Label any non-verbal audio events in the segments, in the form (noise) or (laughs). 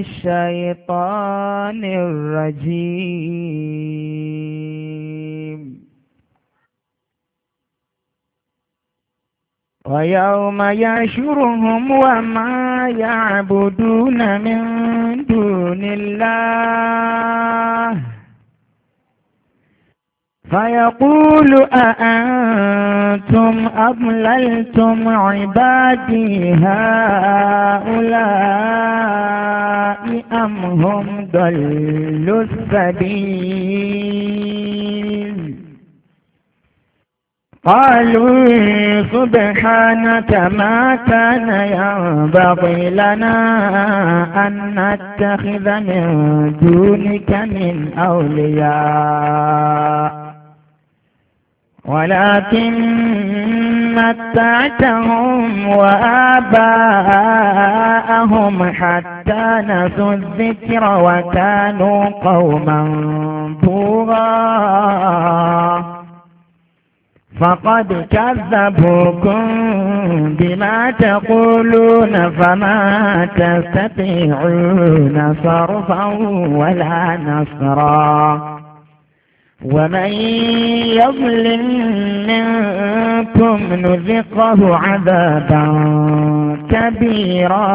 الشيطان الرجيم ويوم يحشرهم وما يعبدون من دون الله فيقول أأنتم أضللتم عبادي هؤلاء أم هم ضلوا السبيل قالوا سبحانك ما كان ينبغي لنا أن نتخذ من دونك من أولياء ولكن متعتهم وآباءهم حتى نسوا الذكر وكانوا قوما طغاة فقد كذبوكم بما تقولون فما تستطيعون صرفا ولا نصرا ومن يظلم منكم نذقه عذابا كبيرا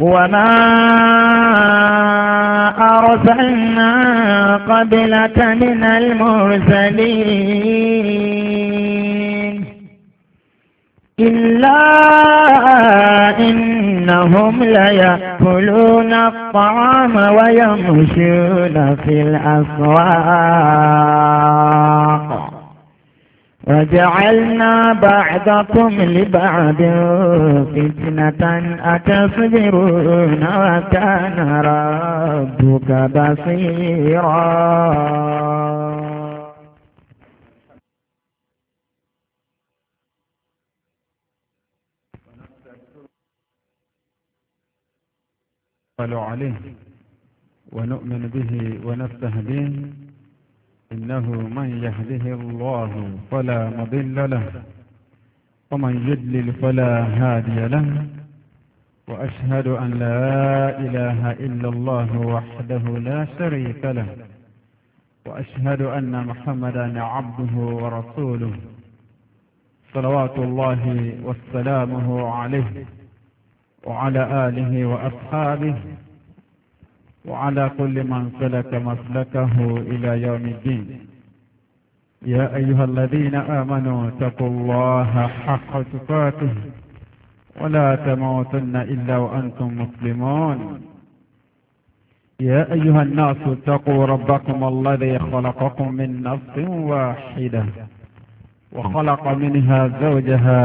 وما أرسلنا قبلك من المرسلين إلا إن إنهم ليأكلون الطعام ويمشون في الأسواق وجعلنا بعضكم لبعض فتنة أتصبرون وكان ربك بصيرا قالوا عليه ونؤمن به ونستهديه إنه من يهده الله فلا مضل له ومن يدلل فلا هادي له وأشهد أن لا إله إلا الله وحده لا شريك له وأشهد أن محمدا عبده ورسوله صلوات الله وسلامه عليه وعلى آله وأصحابه وعلى كل من سلك مسلكه إلى يوم الدين يا أيها الذين آمنوا اتقوا الله حق تقاته ولا تموتن إلا وأنتم مسلمون يا أيها الناس اتقوا ربكم الذي خلقكم من نفس واحدة وخلق منها زوجها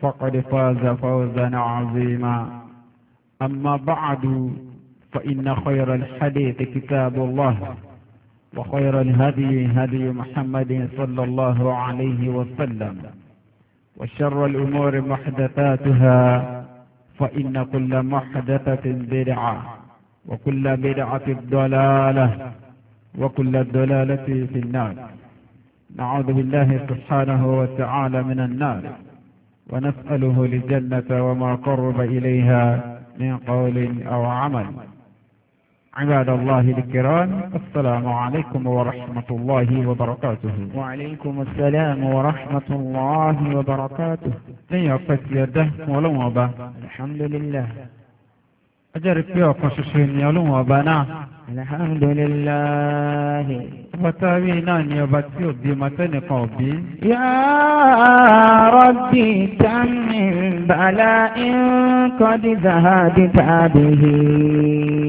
فقد فاز فوزا عظيما أما بعد فإن خير الحديث كتاب الله وخير الهدي هدي محمد صلى الله عليه وسلم وشر الأمور محدثاتها فإن كل محدثة بدعة وكل بدعة ضلالة وكل الضلالة في النار نعوذ بالله سبحانه وتعالى من النار ونسأله الجنة وما قرب إليها من قول أو عمل عباد الله الكرام السلام عليكم ورحمة الله وبركاته وعليكم السلام ورحمة الله وبركاته لن يقف يده ولو الحمد لله أجرب يوقف شيء يلوم أبا Alhamdulillahi. Ọbọ̀tá rí náà ni ọba tí ò bí ọmọ tẹ́nìkan ò bí. Ya Rabbi tàmí bàlá in qad zahabta bihi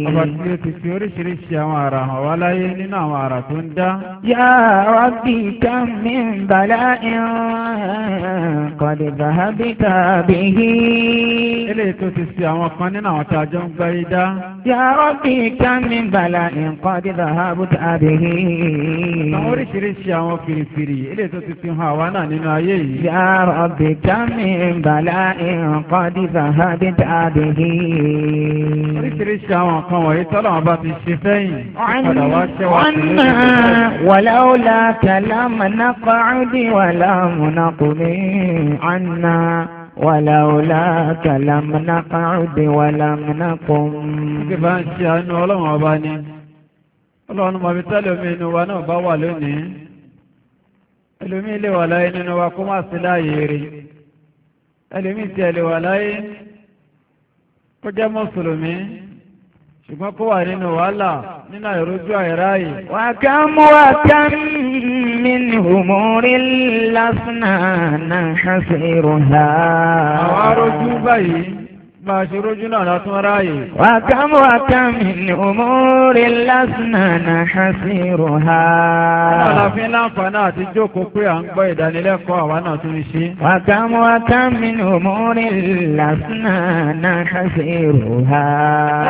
ọba ti fi oríṣiríṣi àwọn àrà hàn wá láyé nínú àwọn àrà tó ń dá. yá rabbi kam min bala'in qad dhahabta bihi. eléyìí tó ti fi àwọn kan nínú àwọn tá a jọ ń gbá yí dá. yá rabbi kam min bala'in qad dhahabta bihi. àwọn oríṣiríṣi àwọn fìrìfìrì eléyìí tó ti fi hàn àwa náà nínú ayé yìí. yá rabbi kam min bala'in qad dhahabta bihi. oríṣiríṣi àwọn kan nǹkan wọ̀nyí tọ́lọ̀ wọn bá ti ṣe fẹ́yìn padà wá ṣẹ́ wá sí ilé ìgbésẹ̀. wàláwùlà kàlámàná kọ́ọ́dì wàlámùná kò ní àná wàláwùlà kàlámàná kọ́ọ́dì wàlámùná kò ní. kí bá ń ṣe àánú ọlọ́run ọba ni ọlọ́run mọ̀bí tẹ́lẹ̀ omi inú wa náà bá wà lónìí ẹlòmí ilé wà láyé nínú wa kó má sí láàyè rí ẹlòmí ti ẹ̀lẹ̀ wà láyé kó jẹ́ mùsùlùmí ṣùgbọ́n kó wà nínú wàhálà nínú àìrójú àìráyè. wà á ká mú wa ká mi ní òmùrí lásán náà ṣàṣírò náà. àwọn arójú báyìí bá ṣe rójú náà látún ráyè. Wa kam wa kam min umuri lasna nahsiruha. Aláàfin láǹfààní àti jókòó pé à ń gbọ́ ìdánilẹ́kọ̀ọ́ àwa náà tún ṣe. Wa kam wa kam min umuri lasna nahsiruha.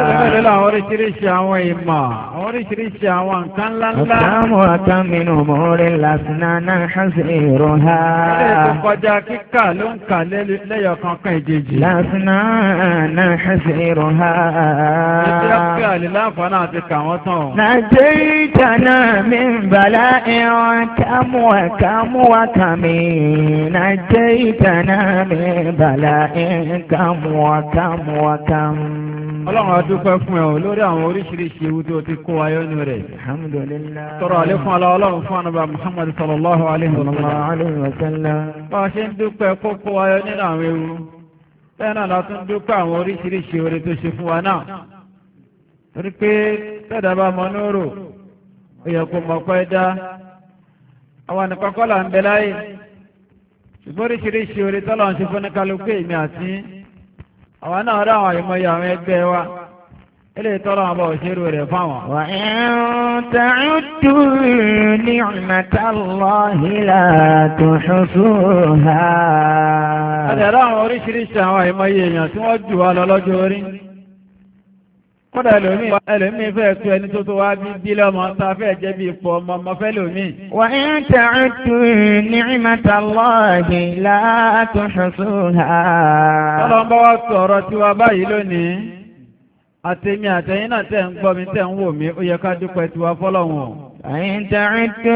Ẹgbẹ́rẹ́ lọ àwọn oríṣiríṣi àwọn ìmọ̀, oríṣiríṣi àwọn nǹkan ńláńlá. Wa kam wa kam min umuri lasna nahsiruha. Ilé ìtòkọjá kíkà ló ń kà lẹ́yọ̀ kankan ìjèjì. Lásìnà نحسرها نجيتنا من بلاء كم وكم وكم نجيتنا من بلاء كم وكم وكم ọlọ́run adúpẹ́ fún ẹ o lórí àwọn oríṣiríṣi ewu tí o ti kó ayọ́ inú rẹ̀. tọrọ àlékún ala ọlọ́run fún anaba muhammadu sallallahu alayhi wa sallam. bá a ṣe ń dúpẹ́ kó kó ayọ́ nínú àwọn ewu. bẹ́ẹ̀ náà la tún dúpẹ́ àwọn oríṣiríṣi oore tó ṣe fún wa náà torí pé tẹ́ẹ̀dá bá mọ nóòrò ó yẹ kó pẹ́ dá àwọn ànìkọ́kọ́ là ń bẹ láyè ṣùgbọ́n oríṣiríṣi oore tọ́lọ́ ń ṣe fún ní kálukú èmi àti àwọn náà rí àwọn àyèmọ́yé àwọn ẹgbẹ́ wa. ilé tọ́lọ́ àbọ̀ òṣèrú rẹ̀ fáwọn. wà á ta'uddu ni'matallahi la tuhsuha. àtẹ̀rọ àwọn oríṣiríṣi àwọn ìmọ̀ye èèyàn tí wọ́n jù wá lọ lọ́jọ́ orí. kódà ẹlòmíì ẹlòmíì fẹ́ tu ẹni tó tó wá bí bílẹ̀ ọmọ tá fẹ́ jẹ́ bí ipò ọmọ ọmọ fẹ́ lòmíì. wà á ta'uddu ni'matallahi la tuhsuha. tọ́lọ́ ń bá wa sọ̀rọ̀ tiwa báyìí lónìí àtẹ̀mí àtẹ̀yìn náà tẹ̀ ń gbọ́ mi tẹ̀ ń wò mí ó yẹ ká dúpẹ́ tiwa fọ́lọ́wọ̀n. Àyìn tàìtò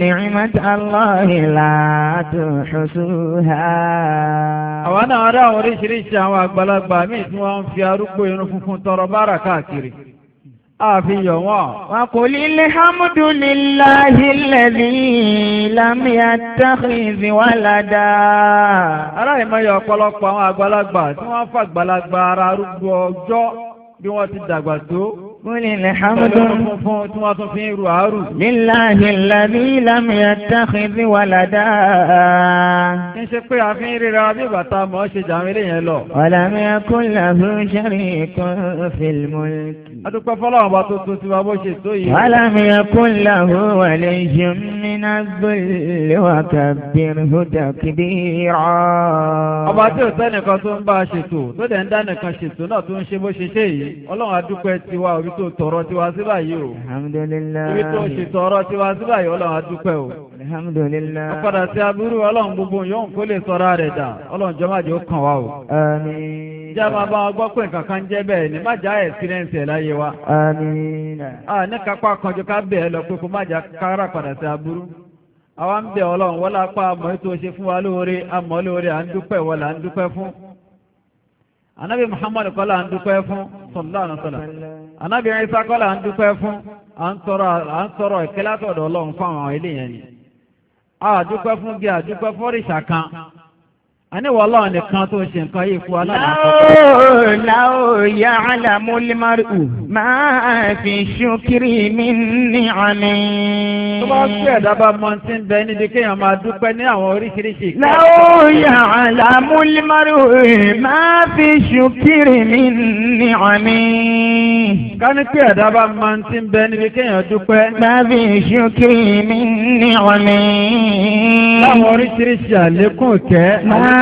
ní ìmọ̀tà Allahi láàtò ṣoṣúhá. Àwọn náà rá oríṣiríṣi àwọn àgbàlagbà míì tí wọ́n ń fi arúgbó irun funfun tọrọ bára káàkiri. Àfi yọ̀ wọ́n. Wà kò lílé hámúdù líláhi lẹ́bí lámìá tákìzì wà ládàá. Aláìmọye ọ̀pọ̀lọpọ̀ àwọn àgbàlagbà tí wọ́n fàgbàlagbà ara arúgbó ọjọ́ bí wọ́n ti dàgbà tó. Múlì lẹ́hàmdùn. Fún tí wọ́n tún fi ń ru àárù. Líláàhì lábí lámìyà táàkìdí wà ládàá. Kí ṣe pé a fi ń ríra bí bàtà mọ́ ṣe jàmílẹ̀ yẹn lọ. Ọ̀làmíyà kúnlá fún ṣẹ́rí kan fìlmùlì adúpẹ́ fọ́lọ́wọ́n bá tó tún sí wa ṣe tó yìí. alámi ẹkún wà lè ṣe mìíràn gbọ́lẹ̀ wà kàbírin hódà kìdí rọ. ọba tí ò sẹ́nìkan tó ń bá a ṣètò tó dẹ̀ ń dá ṣètò náà tó ń ṣe bó ṣe ṣe yìí ọlọ́run adúpẹ́ tiwa orí tó tọrọ tiwa sí báyìí o. alhamdulilayi orí tó ṣe tọrọ tiwa sí báyìí ọlọ́run adúpẹ́ o. alhamdulilayi ọ̀padà sí aburú ọlọ́run gbogbo yóò kó wa. a ní kápá kanjú ká bẹ̀ẹ́ lọ pé kó má jà kára padà sí aburú. àwa ń bẹ̀ ọlọ́run wọ́n lápá àmọ́ ètò ṣe fún wa lóore àmọ́ lóore à ń dúpẹ́ wọ́n là ń dúpẹ́ anabi muhammadu kọ́ ń dúpẹ́ fún isa ń dúpẹ́ fún à ń sọ̀rọ̀ a dúpẹ́ fún a dúpẹ́ àníwọ̀ ọlọ́run nìkan tó ṣe nǹkan yìí fún aláàbò. láò yá àlàmú limaru máa fi ṣókiri mi ní àmì. tó bá kú ẹ̀dá bá mọ tí ń bẹ níbi kéèyàn máa dúpẹ́ ní àwọn oríṣiríṣi. láò yá àlàmú limaru máa fi ṣókiri mi ní àmì. ká ní kí ẹ̀dá bá mọ tí ń bẹ níbi kéèyàn dúpẹ́. máa fi ṣókiri mi ní àmì. láwọn oríṣiríṣi àlékún kẹ́. máa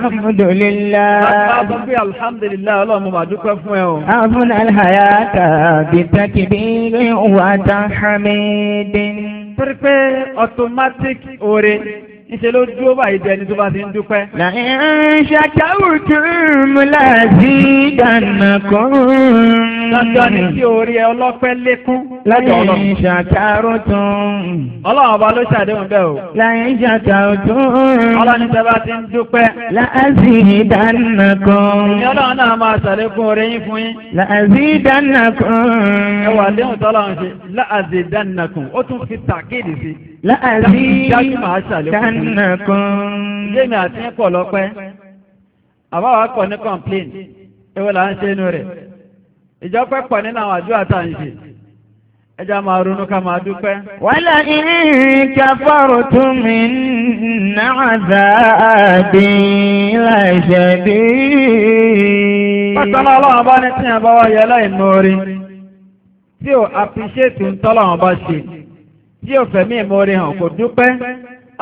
alhamdulillah. Àpapọ̀ pé alhamdulillah ọlọ́run mo máa dúpẹ́ fún ẹ o. Àfúnà àlhàyàtà bí takbirin wà tán hamidin. Pẹ́pẹ́ automatic oore. Ìṣe ló dúró báyìí jẹ ní tó bá ti ń dúpẹ́. Làyìn ṣàkàwù tún mú láti dànà kan. Lọ́jọ́ ni kí orí ẹ ọlọ́pẹ́ lékún. Lọ́jọ́ ọlọ́run. Làyìn ṣàkàrù tún. Ọlọ́run ọba ló ṣàdéhùn bẹ́ẹ̀ o. Làyìn ṣàkàrù tún. Ọlọ́run tẹ bá ti ń dúpẹ́. Láàzì dànà Ní ọlọ́run náà máa ṣàlékún orí yín fún yín. Láàzì dànà Ẹ wà léhùn tọ́lọ́run ṣe. Láàzì dànà láàbí kánàkùn. ilé àti ẹ̀kọ́ lọ́pẹ́ kọ̀ ní complain ewu là ń ṣe inú rẹ̀ ìjọpẹ́ pọ̀ nínú àwọn àdúrà tá à ń máa ronú ká máa dúpẹ́. tún mi náà láìṣẹ́ ọlọ́run bá ní láì tí ò ń tọ́lọ́run bá ṣe. tí ò fẹ̀mí ìmoore hàn kò dúpẹ́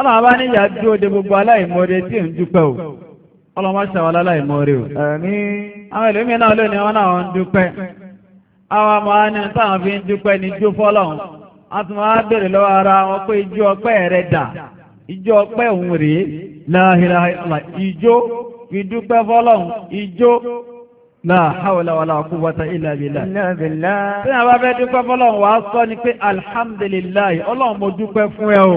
ọlọ́run bá níyà dúró ode gbogbo aláìmoore tí ò ń dúpẹ́ o ọlọ́run bá ṣàwọn aláìmoore o. àwọn ìlú mi lónìí wọn náà ń dúpẹ́ àwọn àmọ́ ẹni táwọn fi ń dúpẹ́ ní ijó fọ́lọ́run a tún lọ́wọ́ ara wọn pé ijó ọpẹ́ dà ijó ọpẹ́ òun rèé fi dúpẹ́ ijó La hawla wala quwwata illa billah. Illa billah. Tí a bá fẹ́ dúpẹ́ fọ́lọ́run wá sọ ni pé alhamdulillah ọlọ́run mo dúpẹ́ fún ẹ o.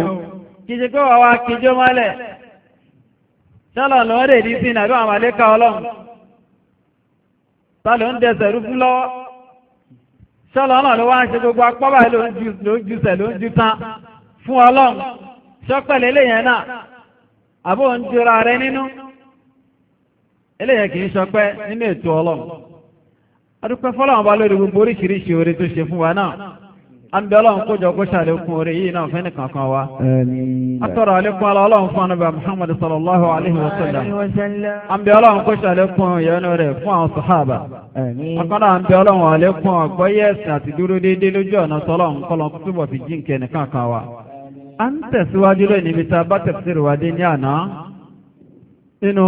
Kì í ṣe pé wà wá kíjó mọ́lẹ̀. Ṣọ́lọ̀ lọ́wọ́ dè ní sin àbí àwọn àlékà ọlọ́run. Ta ló ń dẹsẹ̀ rú fún lọ́wọ́? Ṣọ́lọ̀ náà ló wá ń ṣe gbogbo apá báyìí ló ń jùsẹ̀ ló ń ju tán fún ọlọ́run. Ṣọ́pẹ̀lẹ́lẹ́yẹn náà. Àbó ń jura rẹ nínú eléyẹ kì í ṣọpẹ́ nínú ètò ọlọ́run adúpẹ́ fọ́lọ́run bá lórí gbogbo oríṣiríṣi oore tó ṣe fún wa náà àbí ọlọ́run kójọ kó ṣàlékún oore yìí náà fẹ́ni kankan wa atọ́rọ̀ àlékún ala ọlọ́run fún anábà Muhammad sallallahu alaihi wa sallam àbí ọlọ́run kó ṣàlékún ìyọnu rẹ̀ fún àwọn sàhábà akọ́nà àbí ọlọ́run àlékún àgbọ́yé ẹ̀sìn àti dúró déédéé lójú ọ̀nà tọ́lọ́run kọ́lọ́n túbọ̀ fi jíǹkẹ́ nìkan kan wa à ń tẹ̀síwájú lónìí ibi tá tẹ̀síwájú ní àná nínú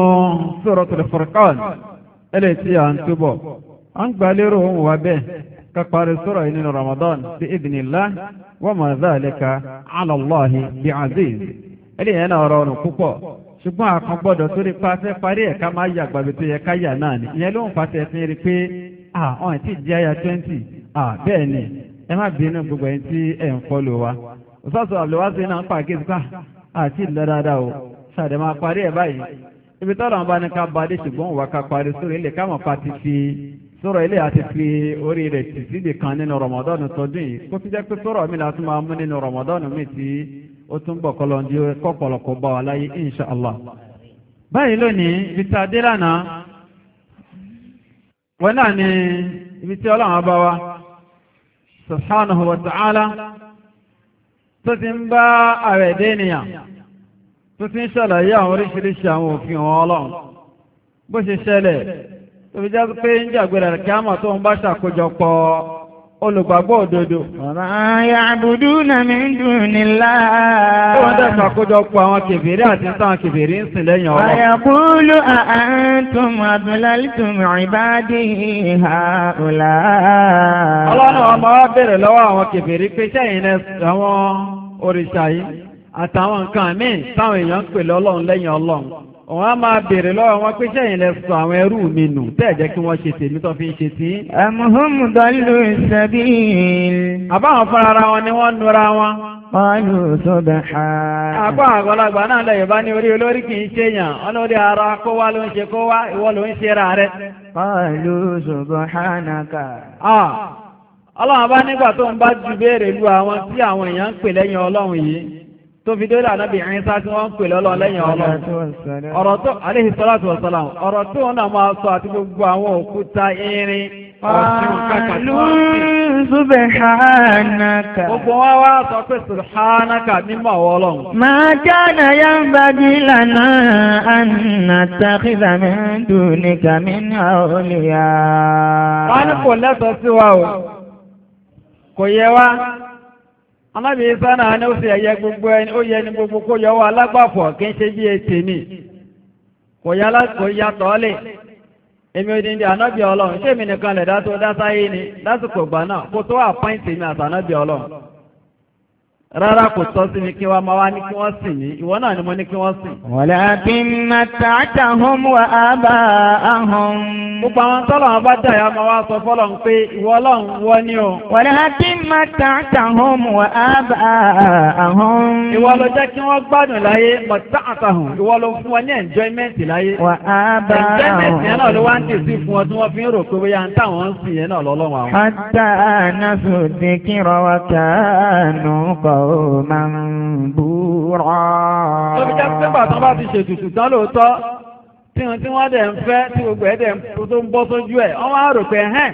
Suratul Furqan ẹlẹ́ tí a ń túbọ̀ a ń gbà lérò ohun wa bẹ́ẹ̀ ká yìí nínú Ramadan bí ala Allahi bí aziz ẹlẹ́ yẹn náà rọrùn púpọ̀ ṣùgbọ́n àkàn gbọ́dọ̀ tó rí pàṣẹ parí ẹ̀ka máa yà gbàgbé tó yẹ náà ni ìyẹn ló ń pàṣẹ fi rí pé ọ̀hún ti di twenty bẹ́ẹ̀ ni ẹ má bínú gbogbo ẹni tí ẹ̀ ń wa òṣàṣọ náà ń pa àti dáadáa o máa parí ẹ̀ ibi tọ́lọ̀ ọba bá ní ká bàdé ṣùgbọ́n wà ká parí sórí ilé káwọn pa ti fi sọ̀rọ̀ ilé àti fi orí rẹ̀ tì síbi kan nínú rọmọdọ́nù tọdún yìí kó fi jẹ́ pé sọ̀rọ̀ mi láti máa mú nínú rọmọdọ́nù mi tí ó tún bọ̀ kọ́lọ́ ní kọ́pọ̀lọpọ̀ bá wa láyé insha allah. báyìí lónìí ibi tí a dé lánàá wọn náà ni ibi tí ọlọ́run bá wa subhanahu wa ta'ala tó ti ń bá àwẹ̀dẹ́ nìyàn. tó ti ń ṣàlàyé àwọn oríṣiríṣi àwọn òfin wọn ọlọ́run bó ṣe ṣẹlẹ̀ tó fi jẹ́ pé ń jàgbéra kí á mọ̀ tó ń bá ṣàkójọpọ̀ olùgbàgbọ́ òdodo. ha Ọlọ́run ọmọ wa bèrè lọ́wọ́ àwọn kèfèrí pé sẹ́yìn àwọn yìí. àtàwọn nǹkan míì táwọn èèyàn ń pèlè ọlọ́run lẹ́yìn ọlọ́run òun á máa bèèrè lọ́wọ́ wọn pé sẹ́yìn lẹ sọ àwọn ẹrú mi nù tẹ́ẹ̀jẹ́ kí wọ́n ṣe tèmi tó fi ń ṣe tí. àmúhùnmù àbáwọn fúnra ara wọn ni wọ́n nura wọn. Pálù ha. náà orí olórí kì í ṣe yàn, ara kó wá ló ń ṣe kó wá, ìwọ ló ń ṣe ra ha nàkà. Ọlọ́run tó fi dórí ànábì Ìsá tí wọ́n ń pè lọ́lọ́ lẹ́yìn ọlọ́run ọ̀rọ̀ tó alayhi salatu ọ̀rọ̀ tó wọn náà máa sọ àti gbogbo àwọn òkúta irin subhanaka gbogbo wa wá sọ pé anábì isa na ni ó sì ẹ̀yẹ gbogbo ẹni ó yẹ ni gbogbo kó yọ wọ alágbàfọ̀ kí n ṣe bí ètè mi kò yá kò yá tọ́lẹ̀ èmi ò dín dín anábì ọlọ́run ṣé èmi nìkan tó dá sáyé ni lásìkò gbà náà kó tó àpáǹtì mi àtànábì ọlọ́run. rárá kò tọ́ sí mi kí wọ́n máa wá ní kí wọ́n sìn ní ìwọ náà ni mo ní kí wọ́n sìn. walakin mata'tahum wa aba'ahum. gbogbo àwọn tọ́lọ̀ wọn bá dàyà máa wá sọ fọ́lọ̀ ń pé ìwọ ọlọ́run wọ́n ní o. walakin mata'tahum wa aba'ahum. ìwọ ló jẹ́ kí wọ́n gbádùn láyé mata'tahum ìwọ ló fún wọn ní enjoyment láyé. wa aba'ahum. enjoyment yẹn náà ló wá ń tèsí fún wọn qawman bura. tóbi jẹ́ pé bàtán bá ti ṣètùtù tán lóòótọ́ tí wọ́n tí wọ́n dẹ̀ ń fẹ́ tí gbogbo ẹ̀ dẹ̀ tó ń bọ́ sójú ẹ̀ wọ́n á rò pé ẹ̀hẹ́n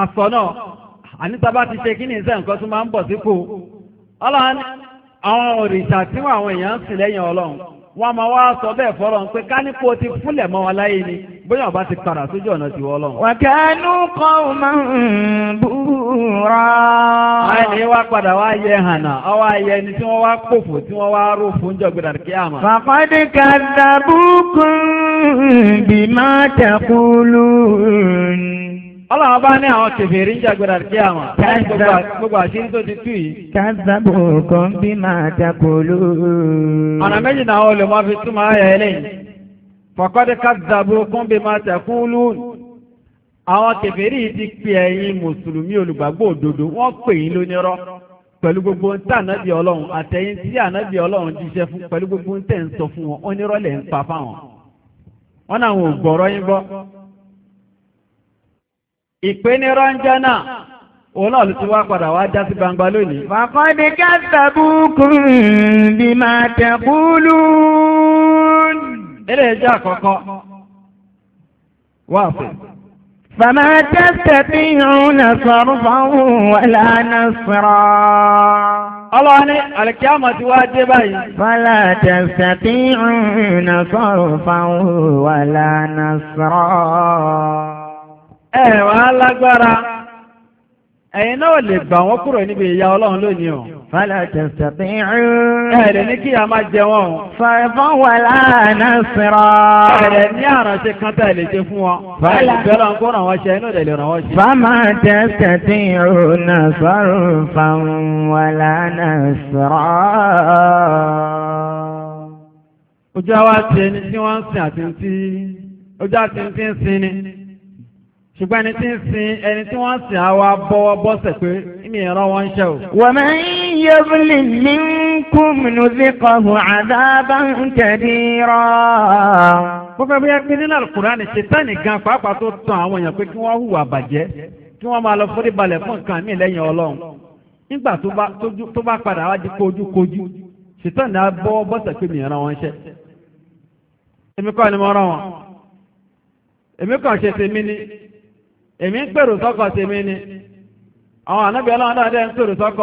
àsọ náà àníta bá ti ṣe kí ni iṣẹ́ nǹkan tó máa ń bọ̀ sípò ọlọ́run àwọn òrìṣà tí àwọn èèyàn ń sìn lẹ́yìn ọlọ́run wọ́n máa wá sọ bẹ́ẹ̀ fọ́lọ́run pé ká nípò ti fúnlẹ̀ mọ́ wọn láyé ni bóyá ọba ti padà sójú ọ̀nà ti wọ́ lọ́wọ́. wàkánú kọ́ máa ń búra. àìní wá padà wá yẹ hànà ọwọ́ ayẹ ni tí wọ́n wá pòfò tí wọ́n wá rò fún jọ̀gbẹ̀dà kí a mọ̀. fàkọ́dé ka dàbùkún bí máa tẹ̀kúlù. Ọlọ́run bá ní àwọn kèfèrí ń jàgbẹ̀rẹ̀ àti àwọn gbogbo àṣírí tó ti tú yìí. Kázàbò kan bí máa tẹ̀kúlù. Ọ̀nà méjì náà olè máa fi túmọ̀ ayẹ̀ eléyìí fọ̀kọ́dé kàzàbókún bí máa tẹ̀kúlù àwọn kèfèrí ti pè ẹ̀yin mùsùlùmí olùgbàgbọ́ òdodo wọ́n pè yín lónírọ́ pẹ̀lú gbogbo ń tà nábì ọlọ́run àtẹ̀yìn tí ànábì ọlọ́run jíṣẹ́ fún pẹ̀lú gbogbo ń tẹ̀ ń sọ fún wọn onírọ́ lẹ̀ ń pa fáwọn wọn náà wọn ò yín gbọ́. ìpénirọ́ ń jẹ́ náà òun náà ló ti wá padà wá já sí gbangba lónìí. fàkọ́dé kàzàbókún bí máa tẹ̀kúlù eré ẹjọ́ àkọ́kọ́ wà fún. Fàmà tẹ́sẹ̀ tí òun nà sọ̀rọ̀ fáwọn wàlá nà sọ̀rọ̀. Ọlọ́run ní àlìkíámà ti wá dé báyìí. Fàlà tẹ̀sẹ̀ tí òun nà sọ̀rọ̀ fáwọn wàlá nà sọ̀rọ̀. Ẹ wàá ẹ̀yin náà lè gbà wọ́n kúrò níbi ìyà Ọlọ́run lónìí o. Fala tastati'un. Ẹ̀rẹ̀ ní kí a máa jẹ wọn. Fàfán wà láàánà sírọ̀. Ẹ̀rẹ̀ ní àránṣẹ́ kan tẹ̀ ṣe fún wọn. Fàlá bẹ̀rẹ̀ kó ràn wọ́n ṣe Ojú àwa ti ẹni tí wọ́n ń sin àti ti ojú àti ti ń sin ni. Ṣùgbọ́n ẹni tí ń sin ẹni tí wọ́n ń sin àwa bọ́wọ́ bọ́sẹ̀ pé ìmì wọn ń ṣe o. Wọ́n máa ń يظلم منكم نذقه عذابا كبيرا mo fẹ́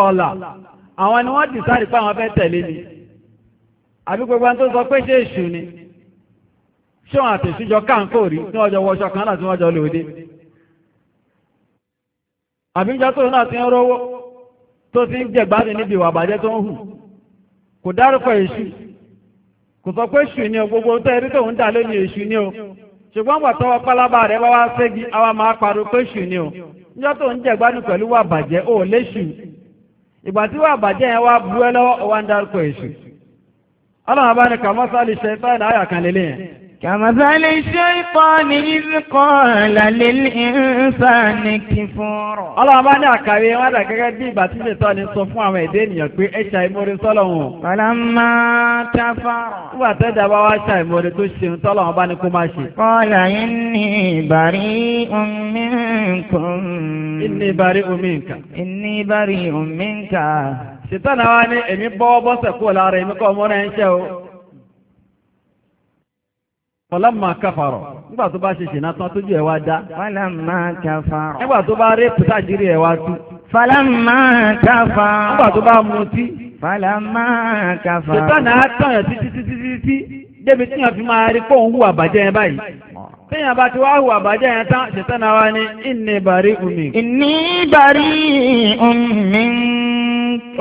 bóyá àwọn ni wọ́n dì sáré pé àwọn fẹ́ tẹ̀lé ni àbí tó sọ pé ṣe èṣù ni ṣé wọn àti ìṣújọ rí ní ọjọ́ wọṣọ kan láti wọ́n jọ lòdì àbí ìjọ tó náà ti ń rówó tó ti ń níbi ìwà àbàjẹ́ tó ń hù kò dárúkọ èṣù kò sọ pé èṣù ni o gbogbo tó ẹrí dà lónìí ni èṣù ni o tó ń ìgbà tí wà bàjẹ́ yẹn wa bú ẹ lọ́wọ́ wá ń ka èṣù ọlọ́run abánikà mọ́sálì كمثل الشيطان إذ قال للإنسان كفور Ọlọ́run bá ní àkàrí wọ́n dà gẹ́gẹ́ bí ìgbà tí ṣètọ́ ni sọ fún àwọn èdè ènìyàn pé ẹ ṣàìmórí sọ́lọ̀hún. Fọlọ́mà tafà. Wúwà tẹ́jà bá wá ṣàìmórí tó ṣe ń tọ́lọ̀hún bá ní kó máa ṣe. Kọ́lá inni bari minkum. Inni bari minka. Inni bari minka. Ṣètọ́ náà wá ní èmi bọ́ bọ́sẹ̀ kúrò lára èmi kọ́ ọmọ rẹ̀ ń ṣẹ́ o. máa káfàrọ̀. Nígbà tó bá ṣe ṣìnà tán tójú ẹ̀ wá dá. máa káfàrọ̀. Nígbà tó bá rẹ́pù tájírí ẹ̀ wá tú. máa káfàrọ̀. Nígbà tó bá mutí. Fọlọ́mà káfàrọ̀. Ṣètọ́nà á tàn yàn títí títí títí débi tí fi máa rí pọ̀ ń hùwà yẹn báyìí. Téèyàn bá ti wá tán, ni ìní ìbàrí omi. Ìní ìbàrí omi.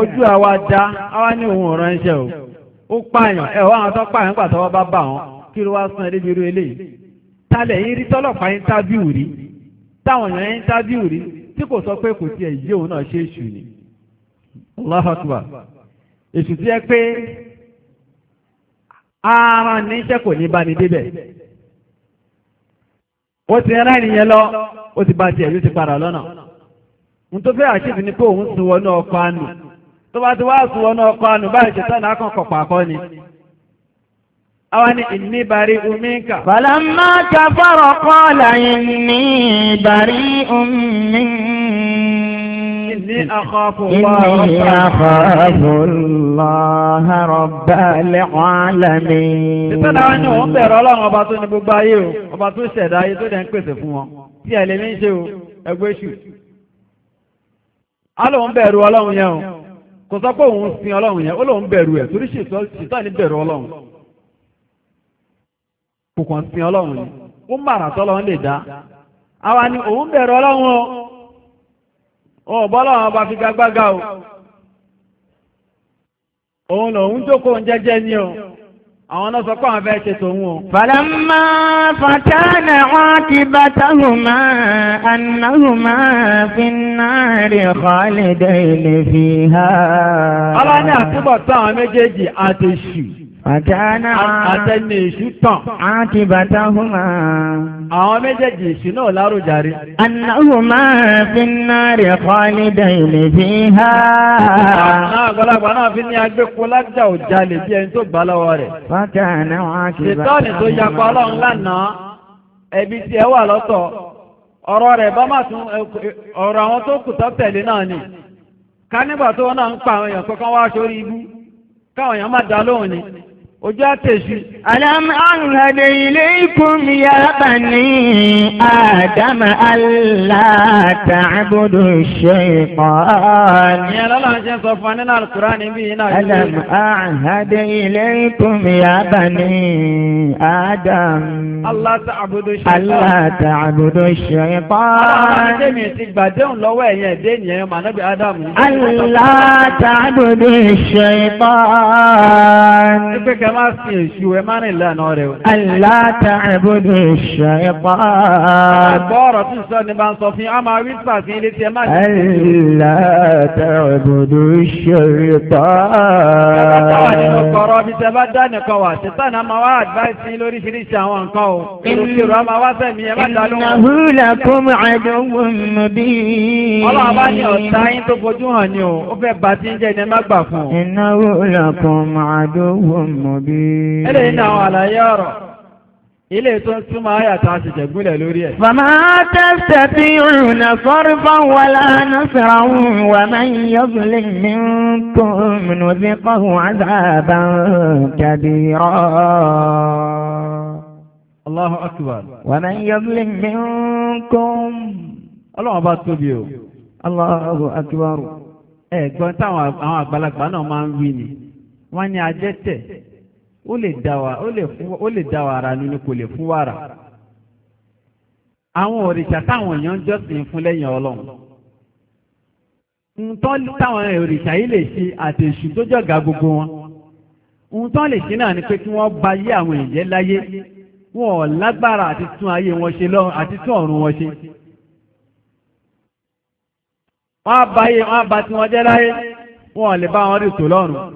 Ojú kí ló wá sún ẹ débi eléyìí talẹ̀ yín rí tọ́lọ̀pàá yín tábíù rí táwọn èèyàn yín tábíù rí tí kò sọ pé kò tiẹ̀ yí òun náà ṣe èṣù ni Allahu èṣù tí ẹ pé ara níṣẹ́ kò ní bá ní débẹ̀ ó ti rán ènìyàn lọ ó ti bá tiẹ̀ ti padà lọ́nà n tó fẹ́ àṣìṣe ni pé òun sùn ọkọ̀ àánú tó bá ti wá ọkọ̀ àánú ni. Àwa ni inni bari'u minka. Falamma kafara qala inni bari'u minka. Inni ni wọ́n bẹ̀rọ ọlọ́run ọba tó ní gbogbo ayé o, ọba tó ṣẹ̀dá ayé tó dẹ̀ ń pèsè fún wọn. Tí ẹ̀ lè ní ṣe o, ẹgbẹ́ ṣù. Á kòkàn sí ọlọ́run ni ó ń bàrà tọ́lọ́run lè dá Awa ni òun bẹ̀rù ọlọ́run o bọ́lọ́run ọba o òun lòun jókòó jẹ́jẹ́ ni o àwọn náà sọ pé àwọn o. ọlọ́ni àtúbọ̀ àwọn méjèèjì Àjáná àtẹni A Àwọn méjèèjì fi náà fi ní lájà bí ẹni tó gbà lọ́wọ́ rẹ̀. wọn a ti bàtà húnmá. Ṣètọ́ni tó yapa ọlọ́run lánàá, ẹbí tí ẹ wà lọ́tọ̀, ọ̀rọ̀ rẹ̀ bá má tún ọ̀rọ̀ àwọn tó kù tọ́ ni. Ká nígbà tó náà ń pa àwọn èèyàn kankan wá ibú, káwọn èèyàn ojú àtẹ̀sí. alam anhad ilaykum ya bani adama alla ta'budu shaytan. ìyẹn lọ́la ṣe sọ fún nínú alukurani bí iná yìí. alam anhad ilaykum ya bani adam. alla ta'budu shaytan. alla ta'budu shaytan. aláwọ̀ ṣe mi ti gbàdéhùn lọ́wọ́ ẹ̀yìn má sí èṣù ẹ má rìn lànà rẹ̀. aláta ẹ̀bùdù ṣẹ̀pá. àgbọ̀ ọ̀rọ̀ tí sọ ni bá ń sọ fún yín a sí ilé tí ẹ má jẹ́. aláta ẹ̀bùdù ṣẹ̀pá. ẹ̀rọ táwa nínú kọ̀rọ̀ bí tẹ bá dá nìkan wà ṣe tán àmọ́ wá advice yín lóríṣiríṣi àwọn nǹkan o. مبين إلينا على يارا ilé tó ń súnmọ́ àyàtà àṣìṣẹ́ lórí ẹ̀. fàmà tẹ́sẹ̀ tí na sọ́rùfà wà na sọ̀rọ̀ òun wà máa ń yọ́gùnlé ní tó mìnú sí kọ́hùn àdàbà kàbírọ̀. Allahu wà ní tó. ọlọ́run bá tóbi o. ẹ̀gbọ́n táwọn àgbàlagbà náà máa ń wí ni wọ́n ní ajẹ́tẹ̀. o le dawa wa ara nu ni kò àwọn òrìṣà táwọn èèyàn ń jọ́sìn fún lẹ́yìn ọlọ́run ntọ́ táwọn òrìṣà yìí lè ṣe tó jọ̀gá gbogbo wọn ntọ́ lè ṣe náà ni pé kí wọ́n ba yé àwọn èèyàn láyé wọn ò lágbára àti tún ayé wọn ṣe lọ àti tún ọ̀run wọn ṣe ba yé ba tí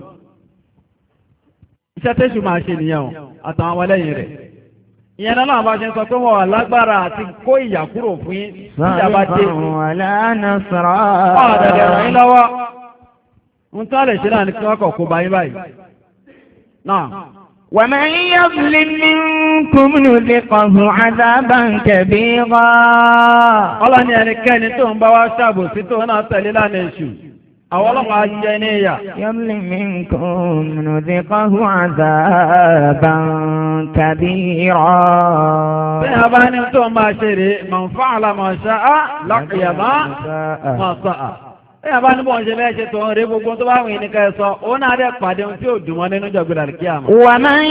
iṣẹ́ tẹ́ṣù máa ṣe nìyẹn àtàwọn ọmọ rẹ̀ ìyẹn náà náà bá ṣe ń sọ pé ati wà lágbára àti kó ìyà kúrò fún yín ọ̀dẹ̀dẹ̀ ràn yín lọ́wọ́ ń tán lè ṣe náà ní kí wọ́n bá yín báyìí náà. ọlọ́ni ẹnikẹ́ni tó ń bá ṣàbòsí tó náà tẹ̀lé àwọn ọlọ́pàá ajẹ́ ní ìyà. yọ́mlì mi nǹkan nùdí kọ́hún àdáàbà tàbí rọ. bí a bá ní tó máa ṣe rè máa ń fa àlàmọ̀ṣá á lápìyàmá máa sọ à. bí a bá ní bọ́n ṣe bẹ́ẹ̀ ṣe tó ń rí gbogbo tó bá wù ní ká sọ òun náà dẹ̀ pàdé ohun tí ò dùn mọ́ nínú jọ̀gbìn àlùkí àmọ́. wà máa ń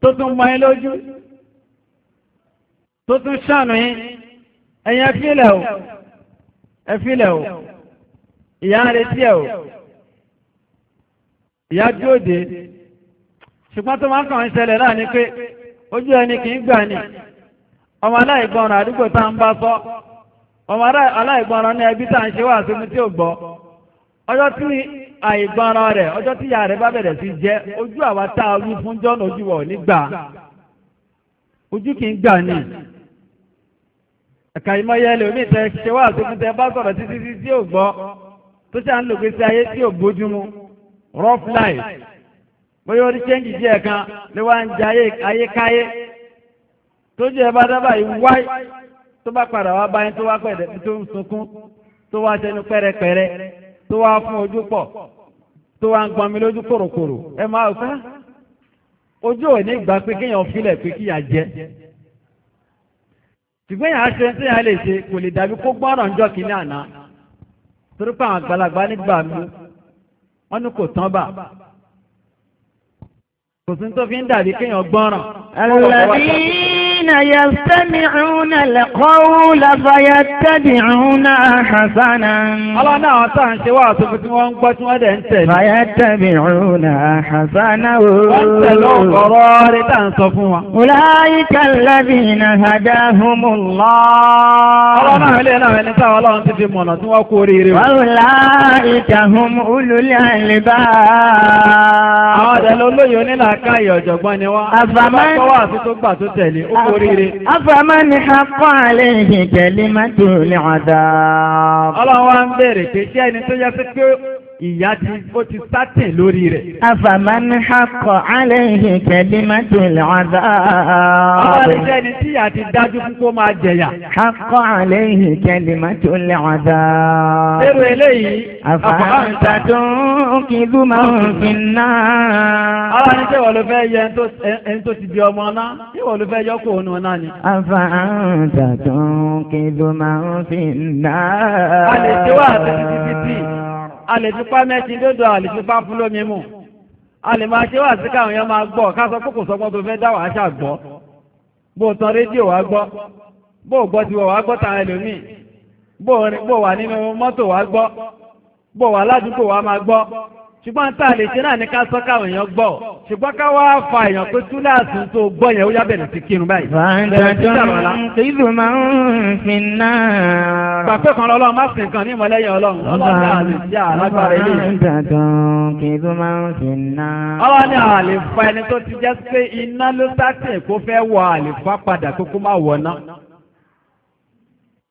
tó tún mọ́ Totu lójú tó tún ṣàánú yín ẹ̀yin ẹ̀fílẹ̀ o ẹ̀fílẹ̀ o ìyá ń retí ẹ̀ o ìyá ṣùgbọ́n tó máa ń kàn ń ṣẹlẹ̀ náà ni pé ojú ẹni ọmọ aláìgbọràn àdúgbò tá ń sọ ọmọ aláìgbọràn ní ẹbí tá ń ṣe wà àìgbọ́nra rẹ̀ ọjọ́ ọjọ rẹ̀ bá bẹ̀rẹ̀ sí jẹ́ ojú àwa tá a wí fún jọ́nà ojú wa ò gbà ojú kì í gbà ni ẹ̀ka ìmọ̀yẹ́lẹ̀ omi tẹ ṣe wá àtúntò tẹ bá sọ̀rọ̀ títí tí tí ò gbọ́ tó ṣe à ń lò gbèsè ayé tí ò bójúmu rough life bóyá orí ṣẹ́ǹgì díẹ̀ kan wá ń jẹ ayékáyé tó jẹ́ bá dábàá yìí wáyé tó bá tó wá fún ojú pọ̀ tó wá ń gbọnmi lójú kòròkòrò ẹ máa fẹ́ ojú ò ní gbà pé kéèyàn filẹ̀ pé kíyà jẹ ṣùgbọ́n yàrá ṣe tí yàrá lè ṣe kò lè dàbí kó gbọ́rọ̀ ń jọ kínní àná torí pé àwọn àgbàlagbà nígbà mú wọn ní kò tán bà kò sí tó fi ń dàbí kéèyàn gbọ́ràn. ẹ̀rọ ẹ̀rí. الذين يستمعون القول فيتبعون حسنا ọlọ́nà àwọn tàà ń ṣe wà tó fi tí wọ́n ń gbọ́ tí wọ́n dẹ̀ ń tẹ̀lé فيتبعون حسنا wọ́n tẹ̀lé ọ̀rọ̀ rẹ̀ tàà ń sọ fún wa أولئك الذين هداهم الله ọlọ́nà ilé náà ẹni táwọn ọlọ́run ti fi mọ̀nà tí wọ́n kó oríire وأولئك هم أولو الألباب àwọn ọ̀dẹ̀ lólóyè onílàákàyè ọ̀jọ̀gbọ́n ni wọ́n sóríire. afamani hakọ alẹ́ ìhìnkẹ́lẹ́ mẹ́tò ní ọ̀dà. ọlọ́run ń bèèrè pé tí ẹni tó yẹ sí pé ìyá tí ó ti sátẹ̀ lórí rẹ̀. Àfàmánì akọ̀ aláìhìn kẹ̀límà tó lọ́dọ̀. Àwọn ìṣẹ́ni tí ìyá ti dájú púpọ̀ máa jẹyà. Akọ̀ aláìhìn kẹ̀límà tó lọ́dọ̀. Lérò eléyìí, àfàmánì tó ń kí ló máa ń fi náà. Àwọn ìṣẹ́ wọ̀ ló fẹ́ yẹ ẹni tó ti di ọmọ náà, tí wọ̀ ló fẹ́ yọ kó òun náà ni. Àfàmánì tó ń kí ló máa ń fi náà a lè fi pámẹ́tì dódò a lè fi bá fún lómi mu a lè máa ṣe wà sí káwọn èèyàn máa gbọ́ ká sọ pé kò sọgbọ́n tó fẹ́ dá wàá ṣàgbọ́ bó o tan rédíò wàá gbọ́ bó o gbọ́ tiwọ̀ wàá gbọ́ tàwọn ẹlòmíì bó o wà nínú mọ́tò wàá gbọ́ bó o wà ládùúgbò wàá máa gbọ́ ṣùgbọ́n tá a lè ṣe náà ní ká sọ káwọn èèyàn gbọ́ ṣùgbọ́n ká wá fa èèyàn pé túláàsì tó gbọ́ yẹn ó yábẹ̀rẹ̀ sí kírun báyìí. bàtàjọ́ ìlú máa ń fi náà. pàpẹ́ kan lọ́lọ́ má sìn kan ní ìmọ̀lẹ́yìn ọlọ́run. ọlọ́run àlè jẹ́ alágbára ilé. bàtàjọ́ ìlú máa ń fi náà. ọlọ́run ni àlè fa ẹni tó ti jẹ́ pé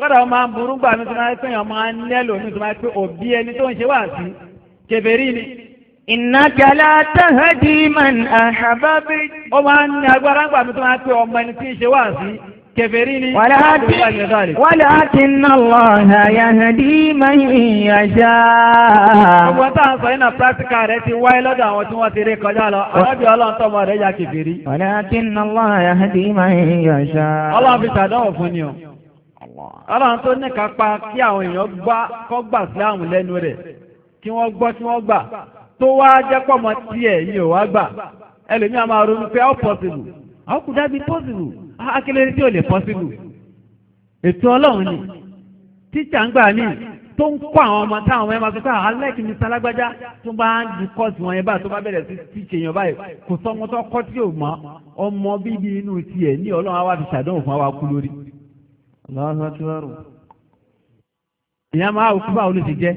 kódà ó máa ń burú gbà mí tó máa ń pè yàn máa ń nẹ́lò mí tó máa ń pè òbí ẹni tó ń ṣe wà sí kèfèrí ni. innaka la tahdi man ahbabta. ó máa ń ní agbára gbà mí tó máa ń ọmọ ẹni tí ń ṣe wà sí kèfèrí ni. walakinna Allaha yahdi man yasha. ọgbọ́n tá à sọ iná pírátíkà rẹ̀ ti wáyé lọ́dọ̀ àwọn tí wọ́n ti rí kọjá lọ ọlọ́bí ọlọ́run ọlọ́run tó ní kápá kí àwọn èèyàn gbá kọ́ gbà sí àwọn lẹ́nu rẹ̀ kí wọ́n gbọ́ kí wọ́n gbà tó wá jẹ́ mọ́ tiẹ̀ yìí ò wá gbà ẹlòmí máa ronú pé how possible how could that be possible akéléré ah, tí ò lè possible ètò ọlọ́run ni tíṣà ń gbà mí tó ń kọ́ àwọn ọmọ táwọn ọmọ ẹ máa sọ pé alẹ́kì ah, ní sálágbájá tó bá ń di kọ́ọ̀sì wọn yẹn báyìí tó bá bẹ̀rẹ̀ sí tíṣe yẹn báyìí kò sọ́mọ́tọ́ kọ́ tí ò mọ́ ọmọ bíbí inú tiẹ̀ ní ọlọ́run á wá ṣàdánwò fún wa kú lórí. Allahu Akbar. ìyá máa wù kí báwo ló ti jẹ́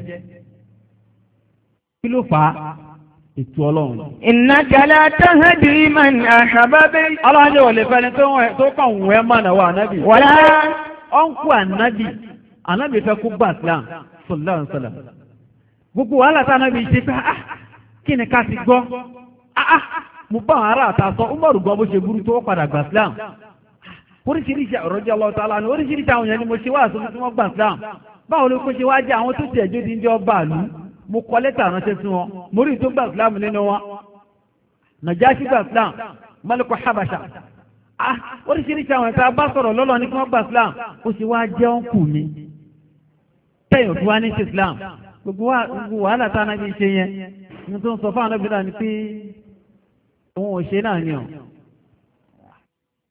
kí ló fà á ètò ọlọ́run. innaka la tahdi man ahbabta. ọlọ́run yóò lè fẹ́ni tó kàn wù ẹ́ mọ̀nà wa ànábì. wọ́lá. ọ̀nkú ànábì ànábì fẹ́ kó bá islam sallallahu alaihi wasallam. gbogbo wàhálà tá ànábì ṣe pé ah kí ni ká ti gbọ́ ah, ah mo bá àwọn ará àtàtọ́ umaru gbọ́ bó ṣe burú tó padà gba islam oríṣiríṣi àròjọ ọlọ́tàlá ni oríṣiríṣi àwọn èèyàn ni mo ṣe wá àṣọ tí wọ́n gbà Islam báwo ló kó ṣe wá jẹ́ àwọn tó tiẹ̀ jó di ń jọ bàálù mo kọ lẹ́tà ránṣẹ́ sí wọn mo rí tó gbà Islam nínú wọn Nàjáṣí gbà Islam Málíkù Habasha ah oríṣiríṣi àwọn ẹ̀ka bá sọ̀rọ̀ lọ́lọ́ ní kí wọ́n gbà Islam ó ṣe wá jẹ́ ọ̀nkù mi tẹ̀yìn òfin wá ní ṣe Islam gbogbo wàhálà tá a náà fi ṣe yẹn mo tó ń sọ fáwọn ọ̀nà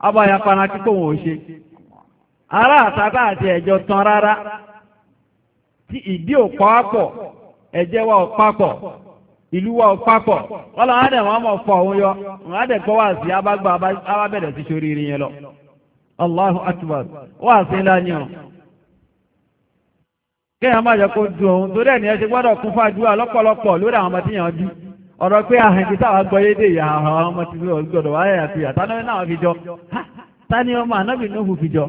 ọba para kíkó wọn ò ṣe ará àtàtà àti tí idi o pàápọ̀ ẹ̀jẹ̀ wa o papọ̀ ilu wa o ọla làwọn àdẹ̀ wọn mọ̀ fọ yọ wọn àdẹ̀ kọ́ wá sí abágbà abábẹ̀rẹ̀ sí sórí irin yẹn lọ Allahu Akbar wá sí ńlá ni ọ kéèyàn má jẹ kó dùn òun torí ẹ ti kún fún lọpọlọpọ lórí àwọn ọmọ tí ọ̀rọ̀ pé ahụ táwà gbọ́yédè ìyá àwọn ọmọ ti fi ọ̀gbọ̀dọ̀ wáyé àti ìyá náà fi jọ ta ni ọmọ ànábì Nuhu fi jọ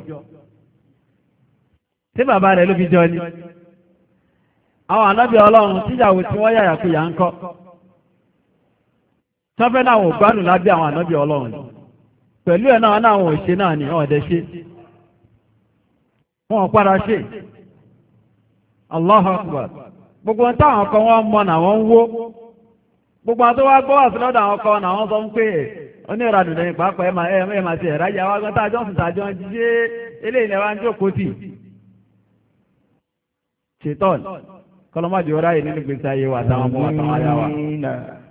tí bàbá rẹ̀ ló fi jọ ni àwọn ànábì ọlọ́run tíyàwó tí wọ́n yàyà pé yà ń kọ́ náà wò gbánù lábẹ́ àwọn ànábì ọlọ́run pẹ̀lú ẹ̀ náà náà náà ni ọ̀dẹ ṣe wọn padà ṣe Allahu Akbar gbogbo táwọn kan náà gbogbo àti wá gbọ́ àti lọ́dọ̀ àwọn kan náà wọ́n sọ pé onírànù lẹ́yìn pàápàá ẹ̀ máa ẹ̀ máa ti ẹ̀rájà wá gbọ́n tájọ́ sì tájọ́ ń jíjẹ́ eléyìí lẹ́wà ń jókòó tì ṣètọ́n kọlọ́mọ́jọ́ ráyè nínú gbèsè ayé wa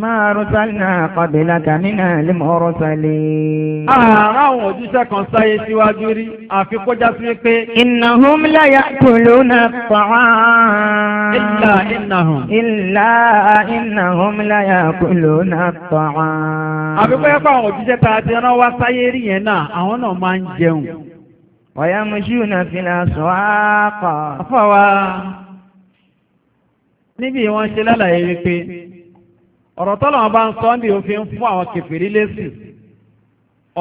máa rọ́sálínà àpàbẹ̀lá kàmínà lè mọ́ rọ́sálí. àwọn òjíṣẹ́ kan sáyé síwájú rí àfi kọjá sí pé. innahum la ya'kuluna at-ta'am. illa innahum. illa innahum la ya'kuluna at-ta'am. àfi kọjá pé àwọn òjíṣẹ́ tá ti rán wá sáyé rí yẹn náà àwọn náà máa ń jẹun. wa yamshuna fil aswaq. àfọwà níbi wọ́n ṣe lálàyé wípé ọ̀rọ̀ tọ́lọ̀ wọn bá ń sọ ọ́ ní òfin fún àwọn kẹfìrí lẹ́sìn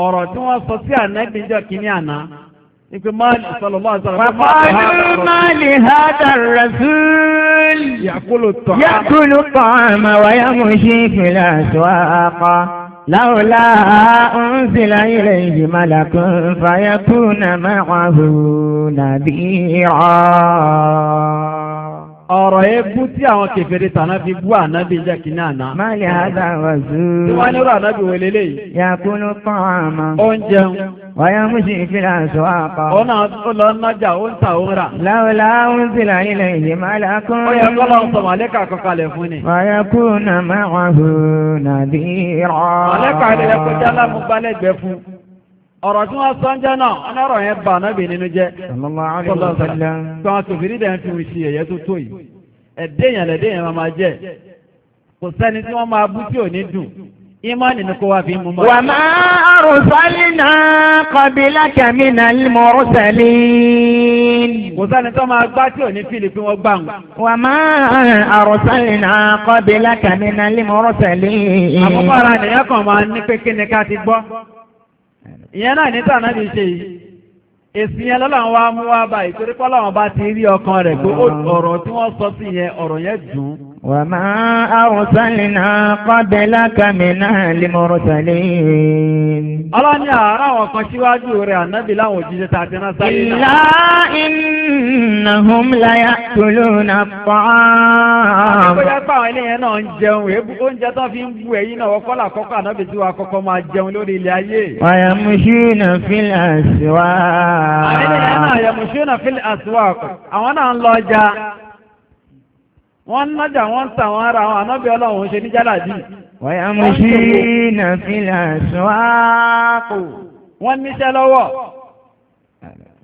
ọ̀rọ̀ tí wọ́n sọ sí ànágbèjọ́ kìíní àná ipe máàlì sọlọ́lọ́ àzọ̀rọ̀ máàlì hádà rasul yakulu ta'ama wa yamushi fil aswaq laula unzila ilayhi malakun fayakuna ma'ahu nadira ọ̀rọ̀ ebú tí àwọn kèfèrè tàná fi bú ànábì jẹ́ kí ní àná. má lè àdá wà zúú. tí wọ́n nírò ànábì wọlé léyìí. yàkúnú tán àmọ́. ó ń jẹun. wáyà mú sí ìfìlà sọ àpá. ó náà ó lọ nájà ó ń ta òun rà. láwùlá ń sílà ilẹ̀ ìdè má là kún. ó yẹ kọ́ lọ sọ màlẹ́kà kọkalẹ̀ fún ni. wáyà kú nà wà hù nàbí rọ ọ̀rọ̀ tí wọ́n sọ́njẹ́ náà ọlọ́rọ̀ yẹn bà náàbì nínú jẹ́ ìmọ́ni ní kó wá fi mú mọ́. wà máa rùsọ́lì náà kọbílá kẹmínà mọ̀rúsẹ̀lì. kò sẹ́ni tó máa gbá tí ò ní fìlì pín wọ́n gbà ń. wà máa rùsọ́lì náà kọbílá kẹmínà mọ̀rúsẹ̀lì. àmúkọ́ra ìyẹn náà ní tànà bí ṣe yìí èsì yẹn lọ́lọ́run wá mú wá báyìí torí pé Ọlọ́run bá ti rí ọkàn rẹ̀ pé ọ̀rọ̀ tí wọ́n sọ sí yẹn ọ̀rọ̀ yẹn dùn وما أرسلنا قبلك من المرسلين أراني أرى وقشوا جوري النبي لا وجيزة تعتنا سعينا إلا إنهم ليأكلون الطعام Ìpáwọn eléyẹn náà ń jẹun, èébù oúnjẹ tó fi ń bu èyí náà wọ́pọ́ làkọ́kọ́ ànábì tí wọ́n akọ́kọ́ máa jẹun lórí ilẹ̀ ayé. ويمشون في الأسواق. Àwọn eléyẹn náà يمشون في الأسواق. Àwọn náà ń lọ ọjà. wọ́n nájà wọ́n tàwọn ara àwọn ànábì ọlọ́run ṣe ní jálàbí. wọ́n yà mú sí nàfìlà sọ́ọ́pù. wọ́n níṣẹ́ lọ́wọ́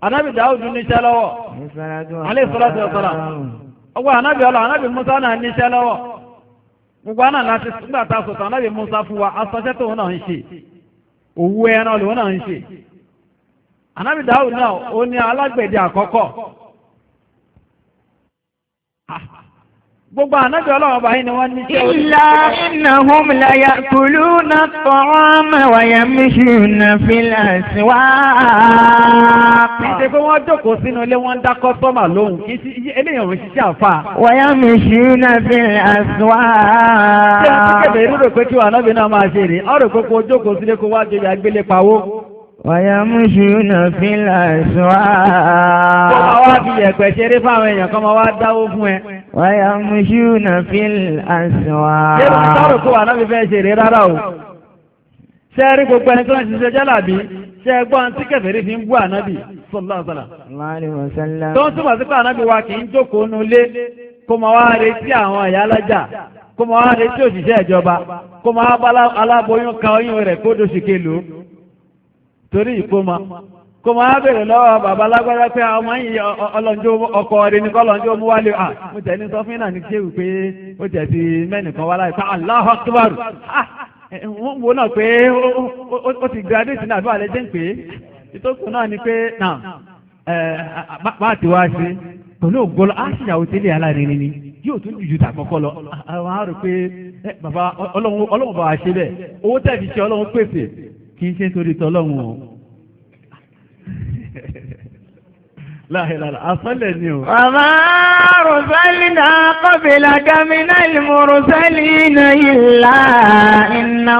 ànábì níṣẹ́ lọ́wọ́ musa náà níṣẹ́ lọ́wọ́ gbogbo àná láti tá a musa fún wa tó náà ń ṣe òwú ẹran náà ń ṣe náà ó ní Gbogbo ànájọ́ ọlọ́run báyìí ni wọ́n ní ṣe orí. Ìlà innahum la ya'kuluna at-ta'ama wa yamshuna fil aswaq. Kì í ṣe pé wọ́n jókòó sínú ilé wọ́n ń dá kọ́sọ́mà lóhùn. Eléyàn ò ṣiṣẹ́ àfà. Wa yamshuna fil aswaq. Ṣé o ti kẹ̀bẹ̀ pé kí wà náà náà máa ṣe rè? Ọ̀rọ̀ pé jókòó sílé kó wá jọjà gbélé pawó. Wàyàmúṣúnà fílà ṣọ́á. Kọ́ máa wá fi yẹ̀pẹ̀ ṣeré fáwọn èèyàn kọ́ máa wá dáwó fún ẹ. Wàyàmúṣúnà fílà ṣọ́á. Ṣé mo ti sọ̀rọ̀ kó wà náà fi fẹ́ ṣeré rárá o? Ṣé rí gbogbo ẹni tó ń ṣiṣẹ́ jálàbí? Ṣé ẹgbọ́n tí kẹfẹ́rí fi ń bú ànábì? Sọ̀lọ́sọ̀lá. Tó ń túbọ̀ sí pé ànábì wa kì í jókòó nulé kó máa wá retí àwọn ìyá alájà kó máa wá retí òṣìṣẹ́ ìjọba kó máa bá aláboyún ka oyún rẹ̀ kó dóṣù kelo. torí ìkómọ kó máa bèèrè lọ́wọ́ bàbá lágbára pé ọmọ yìí ọkọ rẹ̀ ní kọ́lọ́njọ́ mú wálé à mo tẹ̀ ní sọ fún kéwì pé ó mẹ́nìkan wá láì náà pé ó ti graduate náà bí wà lẹ́jẹ̀ ń pè é náà ni pé náà bá ti wá sí pẹ̀lú á sì yàwó ni yóò tún jùjú tà kọ́kọ́ lọ àwọn àrò pé bàbá ọlọ́run bá wa ṣe bẹ́ẹ̀ owó tẹ̀ fi ṣe ọlọ́run kìí ṣe torí tọ́lọ́run o láàrínlára asọ́lẹ̀ ni o. ọmọ rùsẹ́lì náà kọ́bìlà gàmínà ìlú ìmùrùsẹ́lì iná ìlà iná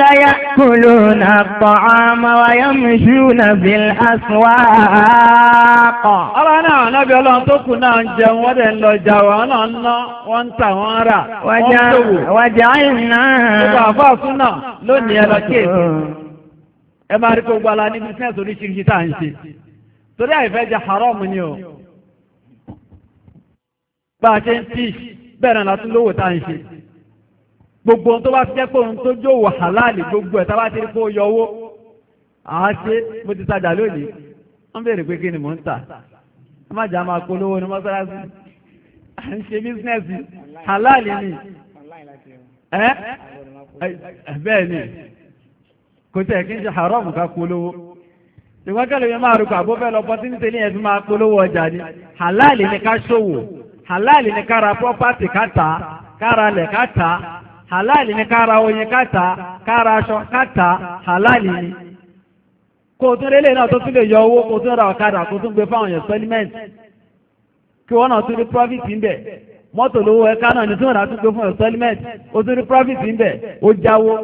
láyà kúlò na pọ̀ àmà wáyé mìṣú náà bí aṣọ́wàápọ̀. ọba náà lábẹ́ ọlọ́run tó kù náà ń jẹun wọ́n dẹ̀ ń lọ jà wọ́n náà ń ná wọ́n ń tà wọ́n rà wọ́n ń lòwò. wàjà ìná. ó bá àfọ́ àfún náà lónìí ẹ lọ kéèké. E ma rí gbogbo ala ní oríṣiríṣi tá à ń ṣe torí àìfẹ́ jẹ haram ni o bá a ṣe ń tíì bẹ́ẹ̀ náà lówó tá gbogbo ohun tó bá pé ohun tó halali gbogbo ẹ̀ tá ti rí kó yọ owó àá ṣe mo ti tajà lónìí wọ́n pé kí ni mò ń tà ẹ má jà máa polówó kò tẹ́ kí n ṣe haram ká polówó ṣùgbọ́n kẹ́lẹ̀ mi máa rúkọ àbúfẹ́ lọ bọ́tí níṣẹ́ ní ẹ̀dùn máa polówó ọjà ni halal ni ká ṣòwò halali ni ká ra property ká ta ká ra lẹ̀ ká ta halal ni ká ra oyin ká ta ká ra aṣọ ká ta halal ni kò tún lélẹ̀ náà tó tún lè yọ owó kò tún ra ọ̀kadà kò tún gbé fáwọn èèyàn sẹ́límẹ́ǹtì kí wọ́n náà tún rí profit ń mọ́tò lówó ẹ̀ka náà ní tún rà tún gbé fún ẹ̀sẹ́límẹ́ǹtì ó tún rí profit ń ó jáwó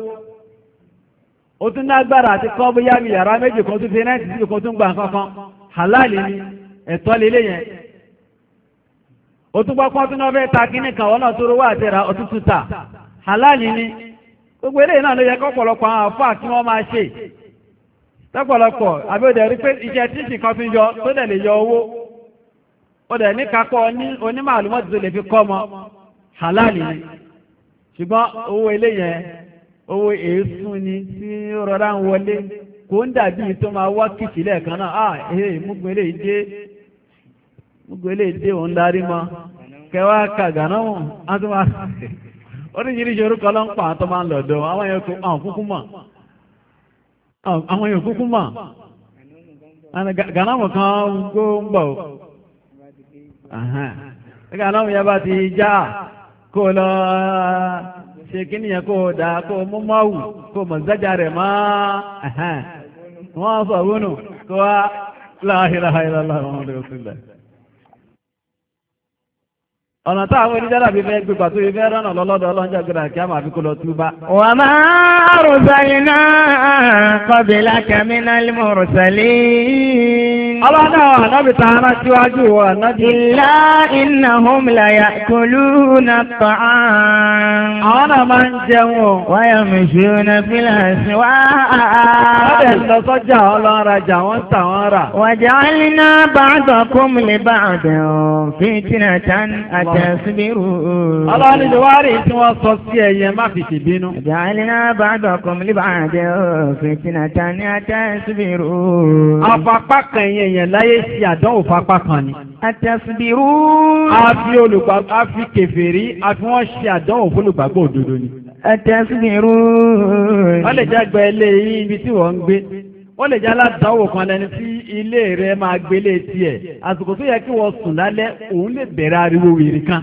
ó tún lágbára àti kọ́ bóyá mi yàrá méjì kan tún fi rẹ́ǹtì sí kan tún gbà kankan halali ni ẹ̀tọ́ lélẹ̀ yẹn ó tún gbọ́ pọ́n tún náà fẹ́ ta kínní kan ọ̀nà tó àti ra ọtún tún ta halali ni gbogbo náà ló yẹ àwọn wọ́n máa ṣe rí pé iṣẹ́ tíṣì kan fi yọ tó dẹ̀ lè yọ owó ó dẹ̀ ní kakọ́ onímọ̀ àlùmọ́tò lè fi kọ́ ọmọ halali ni ṣùgbọ́n owó eléyẹn owó èésún ni tí rọra ń wọlé kò ń dàbí tó máa wá kìsì lẹ́ẹ̀kan náà ah ee eh, mugun eléyìí dé mugun òun darí mọ kẹwàá kàgànà wọn á tó máa (laughs) oríṣiríṣi orúkọ ló ń pa àtọ́ kan gbó ń bọ̀ gànàmù yẹn bá ti já kó ṣe kí nìyẹn kó o dà kó o mú máwù kó o mọ̀ zájà rẹ̀ mọ́ wọ́n sọ wónù kó wá láàáhìláhìláhìlá wọn lè sílẹ̀. ọ̀nà táwọn oníjàdà fi fẹ́ gbígbà tó fẹ́ rọ́nà lọ́lọ́dọ̀ ọlọ́njà gbéra kí a máa fi kó lọ túbá. wà á máa rùsàlì náà kọ́bìlá kàmínà lè mọ̀ rùsàlì. Ọlọ́nà ànábìta ara síwájú wọ ànábì. Ìlà iná hom láyà kòlú na tàà. Àwọn náà máa ń jẹun. Wáyà mìṣú na fílàsì wá. Ọbẹ̀ lọ sọ́jà ọlọ́rajà wọ́n tà wọ́n rà. Wàjà alínà bàdọ̀ kóm lè bàdọ̀ èèyàn láyé sí àdánwò fapá kan ni. àtẹ̀sìbìrú. a fi olùgbàgbọ́ a fi kèfèrí a fi wọ́n ṣe àdánwò fólùgbàgbọ́ òdodo ni. àtẹ̀sìbìrú. wọ́n lè jágbe ilé yìí ibi tí wọ́n ń gbé wọ́n lè jẹ́ aládàáwò kan lẹni tí ilé rẹ̀ máa gbélé tiẹ̀ àsìkò tó yẹ kí wọ́n sùn lálẹ́ òun lè bẹ̀rẹ̀ ariwo wèrè kan.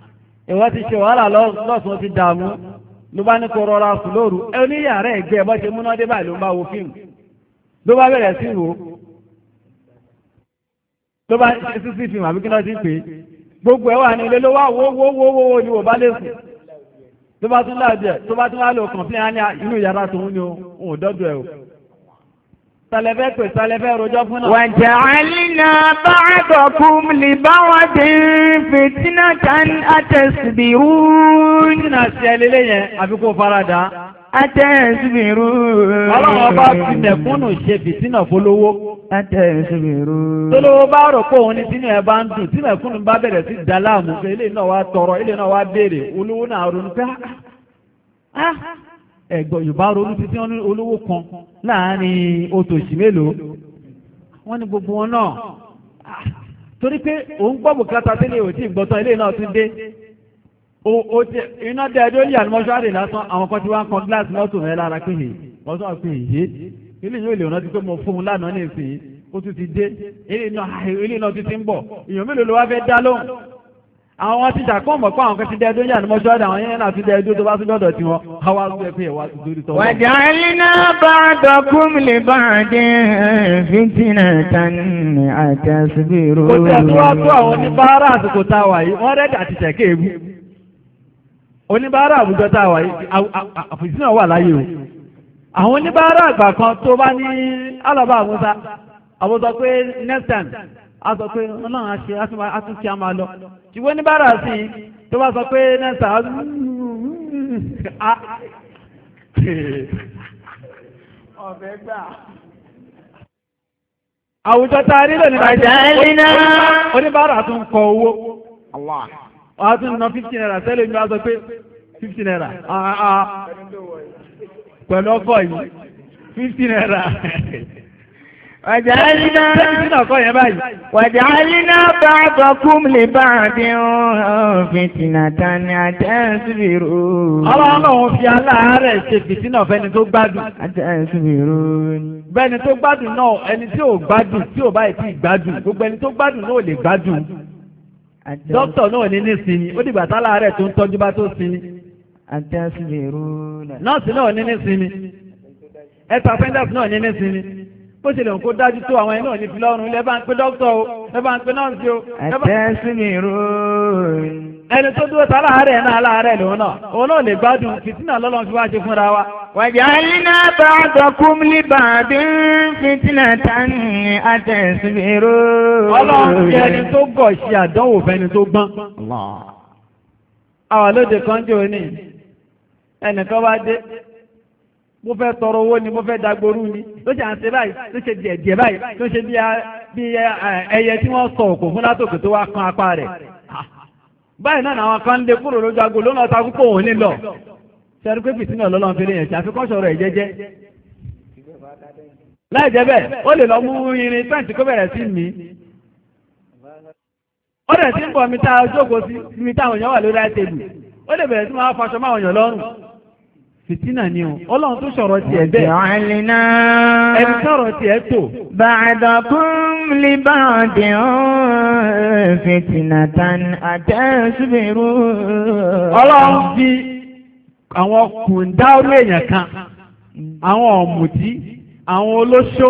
ìwọ́n ti ṣe wàhálà lọ́sùn ti dààmú ló bá ní kó rọra sùn lóru ẹ oníyàrá ẹgbẹ́ bọ́ ṣe múná dé báyìí ló ń bá wo fíìmù ló bá bẹ̀rẹ̀ sí wò ó ló bá ṣe sísí fíìmù àbí náà ti pè é gbogbo ẹ̀ wà ní ilé ló wá wo wo wo wo wo ni wò bá lè sùn ló bá tún láàbì ẹ̀ tó bá tún wá lò kàn fún yàrá tòun ni òun ò dọ́dọ̀ ẹ̀ o. t'alefe pè sàlẹ̀fẹ́ rojọ́ fún náà. Wàjà àlìnà bá àgọ̀kùn lè bá wọn dé fìtínà sí ẹlẹ́lẹ́ yẹn, farada. Àtẹ̀sìbìrú. Ọlọ́run bá ti mẹ̀kúnnù ṣe fìtínà fólówó. Àtẹ̀sìbìrú. Tólówó bá rò pé bá ń tọrọ, ẹ̀gbọ́n yorùbá ronú títí wọn ní olówó kan láàárín otòṣì mélòó wọ́n ní gbogbo wọn náà ah, torí pé òun gbọ́ bùkátà tẹ́lẹ̀ ò tí ì gbọ́tán ilé náà tún dé o ti iná dẹ́ ẹjọ́ ní àlùmọ́ṣárì lásán àwọn kan tí wọ́n á kan gíláàsì mọ́tò rẹ̀ lára pé hì wọ́n sọ pé hì ilé yóò lè rántí pé mo fún un lánàá ní ìsìn ó tún ti dé ilé náà tún ti ń bọ̀ èèyàn mélòó ló wá fẹ́ dá lóhùn àwọn ti ṣàkóǹbọ̀ fún àwọn ti dẹ́ẹ̀dó yà ní mọ́ṣúárì àwọn yẹn náà ti dẹ́ẹ̀dó tó bá sí dọ́dọ̀ tí pé ti tọ́wọ́. wàjà bá bá dé tani àtẹ̀síbìrò. kò àwọn oníbàárà a yìí wọ́n oníbàárà a a pé ọlọ́run á ṣe kí a máa lọ ṣùgbọ́n ní bára sí tó bá sọ pé nẹ́sà (laughs) (laughs) gbà. àwùjọ tá rí lónìí náà oníbàárà tún kọ owó tún naira sẹ́lẹ̀ mi wá pé naira ah, ah, ah. pẹ̀lú ọkọ̀ naira. (laughs) Wàjálínà Wàjálínà bàbá kúm lè bá àbí ọ̀hún fìtìnà tani àtẹ́sìbìrò. Ọlọ́run náà fi aláàárẹ̀ ṣe fìtìnà fẹ́ni tó gbádùn. Àtẹ́sìbìrò ni. Bẹ́ni tó gbádùn náà ẹni tí ò gbádùn tí ò báyìí tí gbádùn gbogbo ẹni tó gbádùn náà lè gbádùn. Dókítà náà ní ní sinmi ó dìgbà tá láàárẹ̀ tó ń tọ́jú bá tó sinmi. Àtẹ́sìbìrò. bó ṣe lè kó dájú tó àwọn ẹni náà ní filọ́run ń pe dókítà o lẹ́bàá ń pe nọ́ọ̀sì o. àtẹ́sìmì ròyìn. ẹni tó dúró ta láàárẹ̀ náà láàárẹ̀ lòun náà òun náà lè gbádùn fìtínà lọ́lọ́run wa. wàjà iná bá dọ̀kún líbàdí fìtínà tání àtẹ́sìmì ròyìn. ọlọ́run tó gọ̀ ṣe àdánwò tó gbọ́n. àwọn lóde kan mo fẹ́ tọrọ owó ni mo fẹ́ dagboru ni tó ṣe à ń ṣe báyìí tó ṣe díẹ̀ báyìí ṣe bí ẹyẹ tí wọ́n sọ òkò fún látòkè tó wá apá rẹ̀ báyìí náà àwọn kan lè kúrò lójú òun pé lọ́lọ́run fi lè yẹn ṣe àfikún lọ mú irin pẹ́ǹtì kó bẹ̀rẹ̀ sí mi ó dẹ̀ ti ń bọ̀ mi sí mi fìtínà ni o ọlọ́run tó sọ̀rọ̀ ti ẹ̀ bẹ́ẹ̀. ọ̀dọ̀ ẹ̀lìnà. ẹni sọ̀rọ̀ ti ẹ̀ tó. bàdàkùn lè bá ọ̀dẹ̀ ọ̀hún fìtínà tán àtẹ̀síbẹ̀rù. ọlọ́run fi àwọn kùndárú èèyàn kan àwọn ọ̀mùtí àwọn olóṣó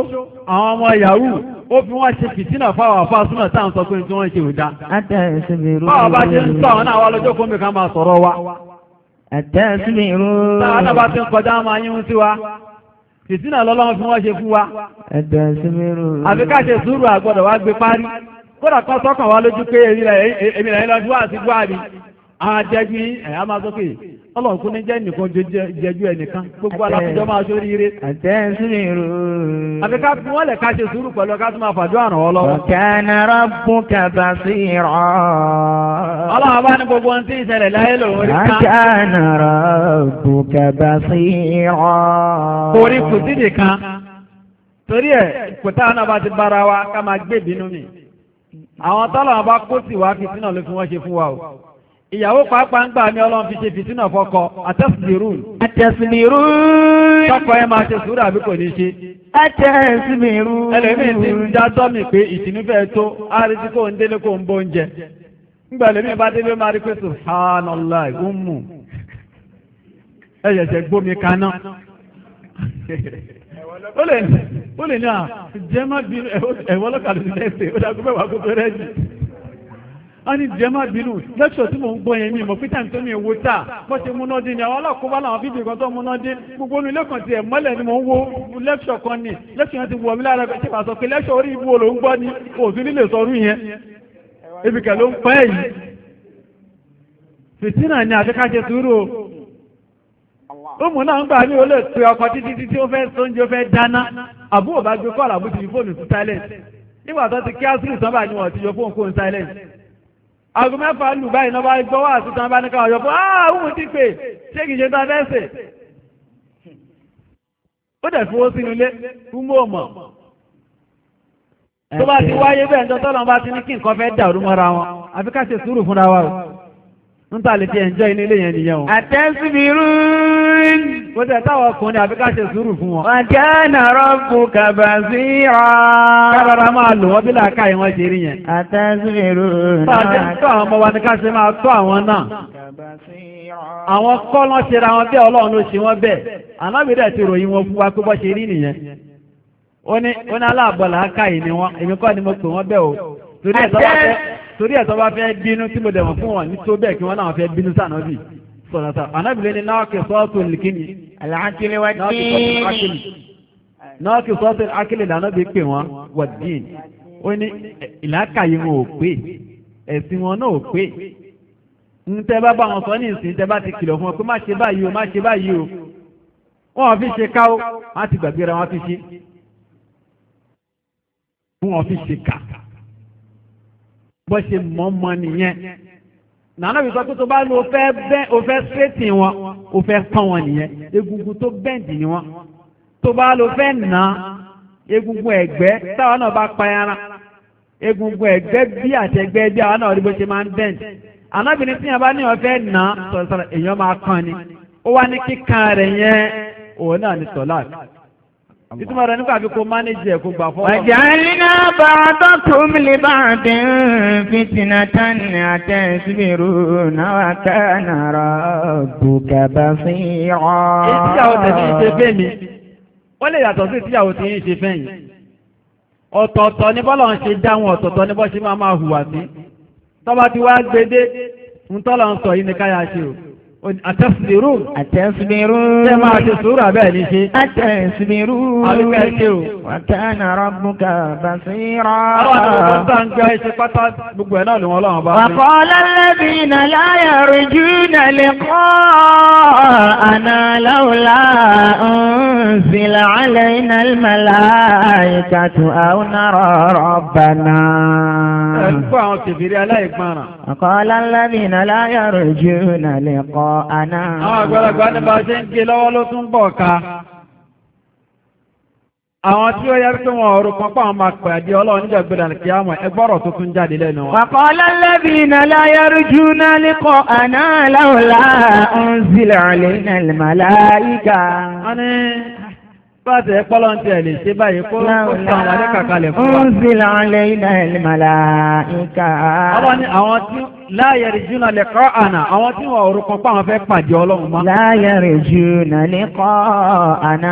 àwọn ọmọ yahoo ó fi wọ́n ṣe fìtínà fáwọn àfáàsúnà táà ń sọ pé tí wọ́n ṣe ò dá. báwo bá ṣe ń sọ àwọn náà wá lọ́jọ́ kó mi ká máa sọ̀rọ̀ wa. Àtẹ́sìmìrún. Táwọn bá ti ń lọ́lọ́run fi wọ́n ṣe fún wa. Àtẹ́sìmìrún. Àfi ṣe sùúrù àgbọ̀dọ̀ wá gbé parí. Kódà kan sọ́kàn wá lójú pé èmi rẹ̀ wà sí àjẹjú ẹ̀ á máa sókè ọlọ́run kún ní jẹ́ nìkan jẹjú ẹnìkan gbogbo alákùnjọ máa ṣó ríire. àtẹ̀sùnìrò. àfi ká fún wọn lè ká ṣe sùúrù pẹ̀lú ká tún máa fàájọ àrùn ọlọ́run. kana rabbuka basira. ọlọ́run bá ní gbogbo ohun tí ìṣẹ̀lẹ̀ láyé lòun rí ká. kana rabbuka basira. orí kò sí nìkan torí ẹ̀ kò náà bá ti bára wa ká máa gbé ìbínú mi àwọn tọ́lọ̀ bá kó sì wá fi sínà ló fi ṣe fún wa o. ìyàwó pàápàá ń ọlọ́run fi ṣe fìtínà fọ́kọ àtẹ́sìmìrún. àtẹ́sìmìrún. tọkọ ẹ máa ṣe sùúrù àbí kò ní ṣe. ẹlẹ́mìí ti ń pe tọ́mì pé ìtìnú tó àrísí kò ń délé kò ń bó oúnjẹ. ńgbà lèmi bá délé máa rí pé ẹ gbómi kaná. ó lè ní à jẹ́ má ẹ̀wọ́ a ní jẹ́ má bínú lẹ́ṣọ̀ tí mo ń gbọ́ yẹn mi mọ̀ peter tó mi wo tà bó ṣe múná dín ni àwọn alákòóbá làwọn fídíò kan tó múná dín gbogbo inú ilé kan tiẹ̀ mọ́lẹ̀ ni mò ń wo lẹ́ṣọ̀ kan ni lẹ́ṣọ̀ yẹn ti wọ̀ mí lára ṣe pàṣọ pé lẹ́ṣọ̀ orí ibu olóhùn gbọ́ ni òsùn nílé sọrú yẹn ebi kẹ̀ ló ń pẹ́ yìí fìtínà ni àti ká ṣe sùúrù ó mú náà ń gbà ní olè pé ọkọ̀ títí títí ó fẹ́ sóúnjẹ ó fẹ́ dáná àbúrò bá gbé kọ́ọ̀lù àbújá fóònù sí silence nígbà tó ti kí á sílù sábà ni wọ́n ti yọ fóònù fóònù silence aago mẹ́fà lù báyìí náà bá gbọ́ wà sí tán bá ní káwọn yọpọ̀ ààrùn ah, ti pè ṣé kìí ṣe tán fẹ́sẹ̀ ó dẹ̀ fi owó sínú ilé fúnmọ́ ọmọ tó bá ti wáyé bẹ́ẹ̀ ń tọ́tọ́ lọ́n bá ti ní kí nǹkan fẹ́ dàrú mọ́ra ń tà lè fi ẹ̀njọ́ inú ilé yẹn nìyẹn o. àtẹ́sìbìrún. kò tẹ̀ táwọn ọkùnrin àbí ká ṣe sùúrù fún wọn. wàkánà rọ́bù kàbà sí ọ. kábàrà máa lò wọ́n bí làákà yìí wọ́n ṣe rí yẹn. àtẹ́sìbìrún. tó àwọn ọmọ wa ni ká ṣe máa tó àwọn náà. àwọn kọ́ lọ́n ṣe ra wọn bẹ́ẹ̀ ọlọ́run ló ṣe wọ́n bẹ́ẹ̀. ànábìrẹ̀ ti ròyìn wọn fún wa pé bọ́ ṣe rí nìyẹn. ó ní ni wọ́n èmi kọ́ torí ẹ̀ tó bá fẹ́ bínú tí mo dẹ̀ wọ́n fún wọn ní tó bẹ́ẹ̀ kí wọ́n náà fẹ́ bínú sànọ́bì sọ̀rọ̀sà anábìlẹ̀ ni náà kì sọ́ọ̀tù nìkíni náà kì sọ́ọ̀tù akílẹ̀ lànà bí pè wọ́n wọ̀dín ó ní ìlàkàyè wọn ò pé ẹ̀sìn wọn náà ò pé ntẹ́ bá bá wọn sọ ní ìsìn tẹ́ bá ti kìlọ̀ fún ọ pé má ṣe báyìí o má ṣe báyìí o wọ́n fi ṣe ká o wọ́n ti gbàgbéra wọ́n fi ṣe wọ́n fi ṣe kàkà bọ́ ṣe mọ́ mọ́ nìyẹn nàánà bí sọ pé tó bá lo fẹ́ bẹ́ o fẹ́ sírètì wọn o fẹ́ pọ́n wọn nìyẹn egungun tó bẹ́ǹdì ni wọn tó bá lo fẹ́ nà egungun ẹ̀gbẹ́ táwọn náà bá payara egungun ẹ̀gbẹ́ bí àtẹ̀gbẹ́ bí àwọn náà rí bó ṣe máa ń bẹ́ǹdì ànábìrin tí yẹn bá ní ọ̀fẹ́ nà sọ̀rọ̀sọ̀rọ̀ èèyàn máa kàn ni ó wá ní kíkan rẹ̀ yẹn òun náà ni sọ̀láàtì ìtumọ̀ rẹ̀ nípa àfikún mánéjì ẹ̀ kó gbà fọ́. ọ̀jà nínú bá tọ́kùn lè bá dé fìtìnà tánì àtẹ̀síbìrú náà kánà rà bùkàbà sí ọ́. ìtìyàwó tẹ̀sí ṣe fẹ́ mi wọ́n lè yàtọ̀ sí ìtìyàwó tí ń ṣe fẹ́ yìí ọ̀tọ̀ọ̀tọ̀ ní bọ́lọ̀ ń ṣe dáhùn ọ̀tọ̀ọ̀tọ̀ ní bọ́ ṣe máa máa hùwà sí tọ́ba ti wá gbede ń tọ́lọ̀ ń sọ yìí ní káyà ṣe o. Àtẹ́sìmìrún. Àtẹ́sìmìrún. Ṣé máa ṣe sùúrù abẹ́ ní ṣe? Àtẹ́sìmìrún. Àbíkẹ́ ṣe o. Wàkánà rọ́bùkà bàṣírà. Àwọn àtàwọn tó ń gbá iṣẹ́ pátá gbogbo ẹ̀ náà ló wọn lọ́wọ́ bá. Wàkọ́lá lẹ́bí iná láyà rìjú nà lè kọ́ àná láwùlá ǹsìlà alẹ́ iná mẹ́lá ìkàtù àwọn náà rọ̀ bàná. Ẹ̀kú àwọn kìfìrí aláìgbọràn. Àkọ́lá lẹ́bìnà láyọ̀rọ̀ jù nà lè kọ àná. Àwọn àgbàlagbà ní bá ṣe ń gé lọ́wọ́ ló tún bọ̀ ká. Àwọn tí ó yẹ kí wọn ọ̀rọ̀ kan pàwọn máa pẹ̀ àdí ọlọ́run níjọ́ gbẹ̀dà kí á mọ̀ ẹgbọ́rọ̀ tó tún jáde lẹ́nu wọn. Àkọ́lá lẹ́bìnà láyọ̀rọ̀ jù nà lè kọ àná láwùlá ń zilẹ̀ ọ̀lẹ́ nà lè màláyíkà. Wọ́n ní Báti ẹ pọ́lọ́ ti ẹ̀ lè ṣe báyìí kó sàn wà ní kàkalẹ̀ fún wa. Ó ń fi láàrín ilé ìmàlà ìka. Ọlọ́ ni àwọn tí láàyè rí jùnà lè kọ́ àná, àwọn tí wọ́n orúkọ pa àwọn fẹ́ pàdé ọlọ́run mọ́. Láàyè rí jùnà lè kọ́ àná.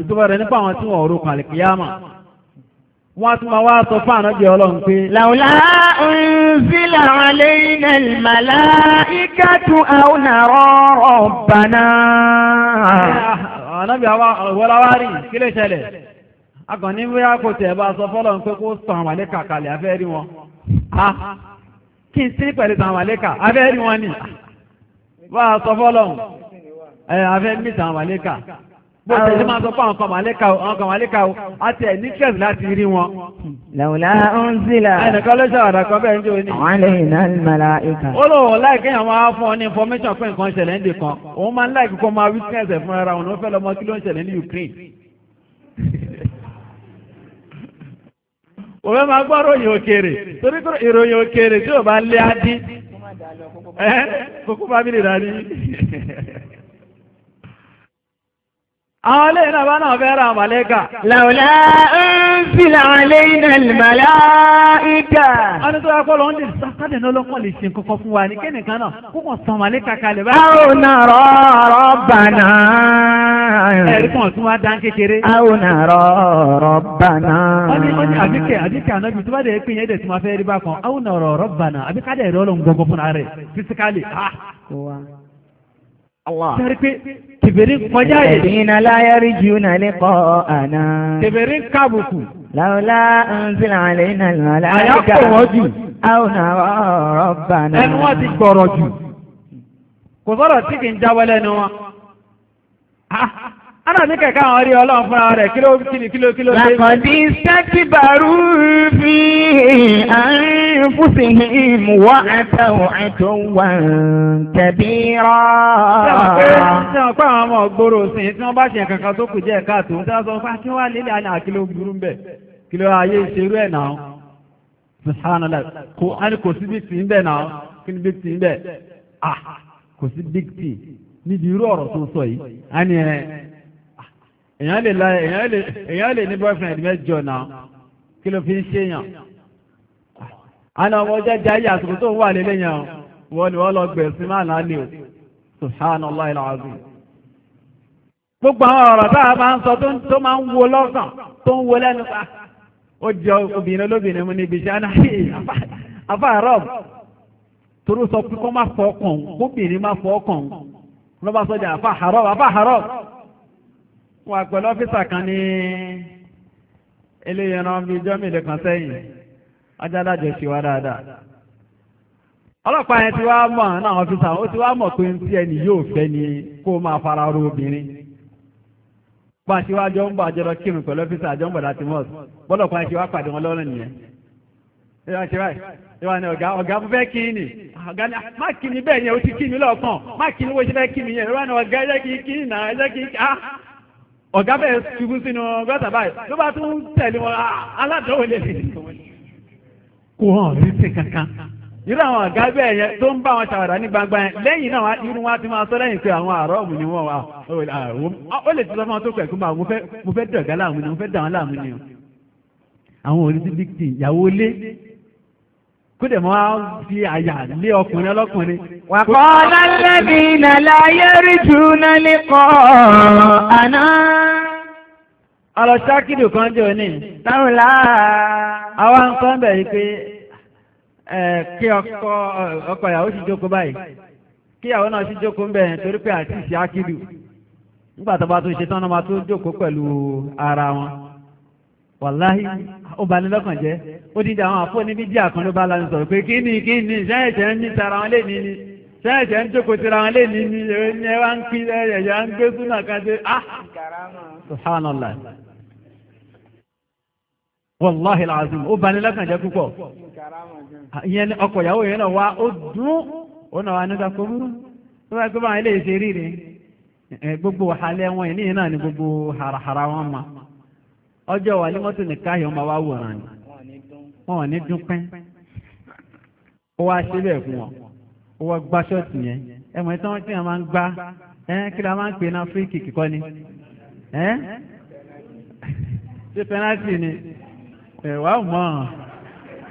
Ìtumọ̀ rẹ̀ nípa àwọn tí wọ́n orúkọ àlìkìyàmà. Wọ́n tún máa wá sọ fún àná jẹ́ ọlọ́run pé. Làwùlá ń sílẹ̀ alẹ́ iná ìmàlà ìkàtù àwọn àrọ̀ ọ̀bàná ànábì àwọ́láwárì kí lè ṣẹlẹ̀ akàn ní bóyá kò tẹ̀ bá sọ fọ́lọ̀ ń pé kó sọ àwọn àlékà kalẹ̀ afẹ́ rí wọn a kí n sí pẹ̀lú àwọn àlékà afẹ́ rí wọn ni bá sọ fọ́lọ̀ ẹ̀ afẹ́ mí àwọn àlékà Bọ́ọ̀lù ẹ̀ṣẹ́ máa sọ fún àwọn kan màálẹ́ka o, àwọn kan màálẹ́ka o, a ti ẹ̀ ní kẹ́sì láti rí wọn. Làwùlá ń sílà. Ẹnìkan ló ṣàwàdà kan bẹ́ẹ̀ ń jò ní. Àwọn àlẹ́ iná ń mara ìkà. Ó lò wọ́n láì kéèyàn ní information pé nǹkan ṣẹlẹ̀ ń dè kan. Òun máa ń láì kíkọ́ máa witness ẹ̀ fúnra òun ló fẹ́ lọ́mọ kí ló ń ṣẹlẹ̀ ní Ukraine. Òwe máa gbọ́ ròyìn òkèèrè torí ìròyìn òkèèrè tí ò bá lé á dín. Kókó bá mi lè rà ní àwọn ilé ìnàbá náà fẹ́ ra màlẹ́kà. Làwùlá ń sílà alẹ́ iná ìmàlá ìgbà. A ní tó yá kọ́lọ̀ ń lè sákàdé ní ọlọ́pọ̀ lè ṣe kọ́kọ́ fún wa ní kí nìkan náà kó kàn san báyìí. A ò nà ọ̀rọ̀ bànà. Ẹ̀rí kan wá dán kékeré. A ọ̀rọ̀ bànà. Sẹ́rí pé tìbèrí kọjá yìí. Ẹ̀dínà láyé rí jù náà ní kọ́ àná. Tìbèrí kábùkù. Láwùlá ń sílẹ̀ àlẹ́ iná Àyà kò jù. Àwọn ọ̀rọ̀ bàná. Ẹnu wọn ti gbọ̀rọ̀ jù. Kò sọ̀rọ̀ tí kì í jáwọ́ lẹ́nu wọn. Ah, Aláàbí kẹ̀kẹ́ àwọn orí ọlọ́run fúnra rẹ̀ kí ló kilo kilo ló kí ló fi àǹfùsìhìm wá àtàwọn àtò wà tẹ̀bí rọ̀. Ṣé wọ́n pé àwọn ọmọ ògbóró sìn tí wọ́n bá ṣe kankan tó kù káàtó sọ fún akí wá àná àkí burú ń bẹ̀ èyàn lè ní boyfriend mẹ́jọ náà kí ló fi ń ṣe yàn àná ọmọ jẹ́jẹ́ ayé àsìkò tó wà lélẹ̀ yàn wọ́n ni wọ́n lọ gbẹ̀sìn máa náà lè subhanallah alazim gbogbo àwọn ọ̀rọ̀ tá a máa ń sọ tó máa ń wo lọ́sàn tó ń wo lẹ́nu pa ó jẹ obìnrin olóbìnrin mu níbi iṣẹ́ náà afáàrọ̀ torí sọ pé kó má fọ́ ọkàn kóbìnrin má fọ́ ọkàn ló bá sọ jẹ́ afáàrọ̀ afáàrọ̀. wà pẹ̀lú ọ́fíìsà kan ní eléyìí ẹran bíi jọ́mìlì kan sẹ́yìn ajálàjọ ṣe wá dáadáa ọlọ́pàá yẹn ti wá mọ̀ náà ọ́fíìsà ó ti wá mọ̀ pé tí ẹni yóò fẹ́ ni kó máa fara obìnrin a ń bọ̀ kírun pẹ̀lú ọ́fíìsà àjọ ń bọ̀ láti bọ́lọ̀ pa pàdé wọn lọ́rùn nìyẹn ìwà ṣe báyìí ìwà ni ọ̀gá ọ̀gá mo fẹ́ kí ni ọ̀gá ọ̀gá bẹ́ẹ̀ ṣubú sínú gọ́tà báyìí ló bá tún tẹ̀lé wọn ah, aládọ́wò lè lè kó hàn rí sí kankan irú àwọn ọ̀gá bẹ́ẹ̀ yẹn tó ń bá wọn ṣàwàdà ní gbangba yẹn lẹ́yìn náà irú wọn ti máa sọ lẹ́yìn pé àwọn àárọ̀ ọ̀mù ni wọ́n wà ah, ó lè ti sọ fún wọn tó pẹ̀kú máa mo fẹ́ dọ̀gá láàmú ni mo fẹ́ dà wọn láàmú ni àwọn òrìṣì bíi ìyàwó lé kó dẹ̀ máa fi àyà lé ọkùnrin ọlọ́kùnrin. wàkọ́lá na nàlá yẹ́rì jùlọ lẹ́kọ̀ àná. ọ̀rọ̀ kan jẹ́ òní. sáwùlá. àwa ń kọ́ bẹ̀ pé kí ọkọ ọkọ ìyàwó sì jókòó báyìí kí ìyàwó náà sì jókòó ń bẹ̀ torí pé àti ìṣe ákìdù nígbà tó bá tó ṣe tán náà tó jókòó pẹ̀lú ara wọn. wàláhì ó dídí àwọn àfọ́ níbi díà kan ló bá la ń sọ̀rọ̀ pé kí ni kí ni sẹ́ẹ̀sẹ̀ ń ní tara wọn lé ní ni sẹ́ẹ̀sẹ̀ ń jókòó tara wọn lé ni ẹ wá ń pín ẹ̀yà ń gbé súnà kan ṣe ah subhanallah wàláhì làásùn ó bani lọ́kàn jẹ́ púpọ̀ ìyẹn ọkọ̀ ìyàwó yẹn náà wá ó dún ó náà wá bá gbogbo wàhálẹ̀ wọn yìí náà ma ọjọ́ wà ní mọ́tò nìkan yìí wọ́n ma wá wọn ò ní dúpẹ́ ó wá ṣe bẹ́ẹ̀ fún wọn ó wá gbá ṣọ́ọ̀tì yẹn ẹ mọ̀ ìtàn tí wọ́n máa ń gbá kí la máa ń pè ní áfíríkì kíkọ́ ni ṣé pẹ́nátì ni ẹ̀ wá mọ̀ ọ́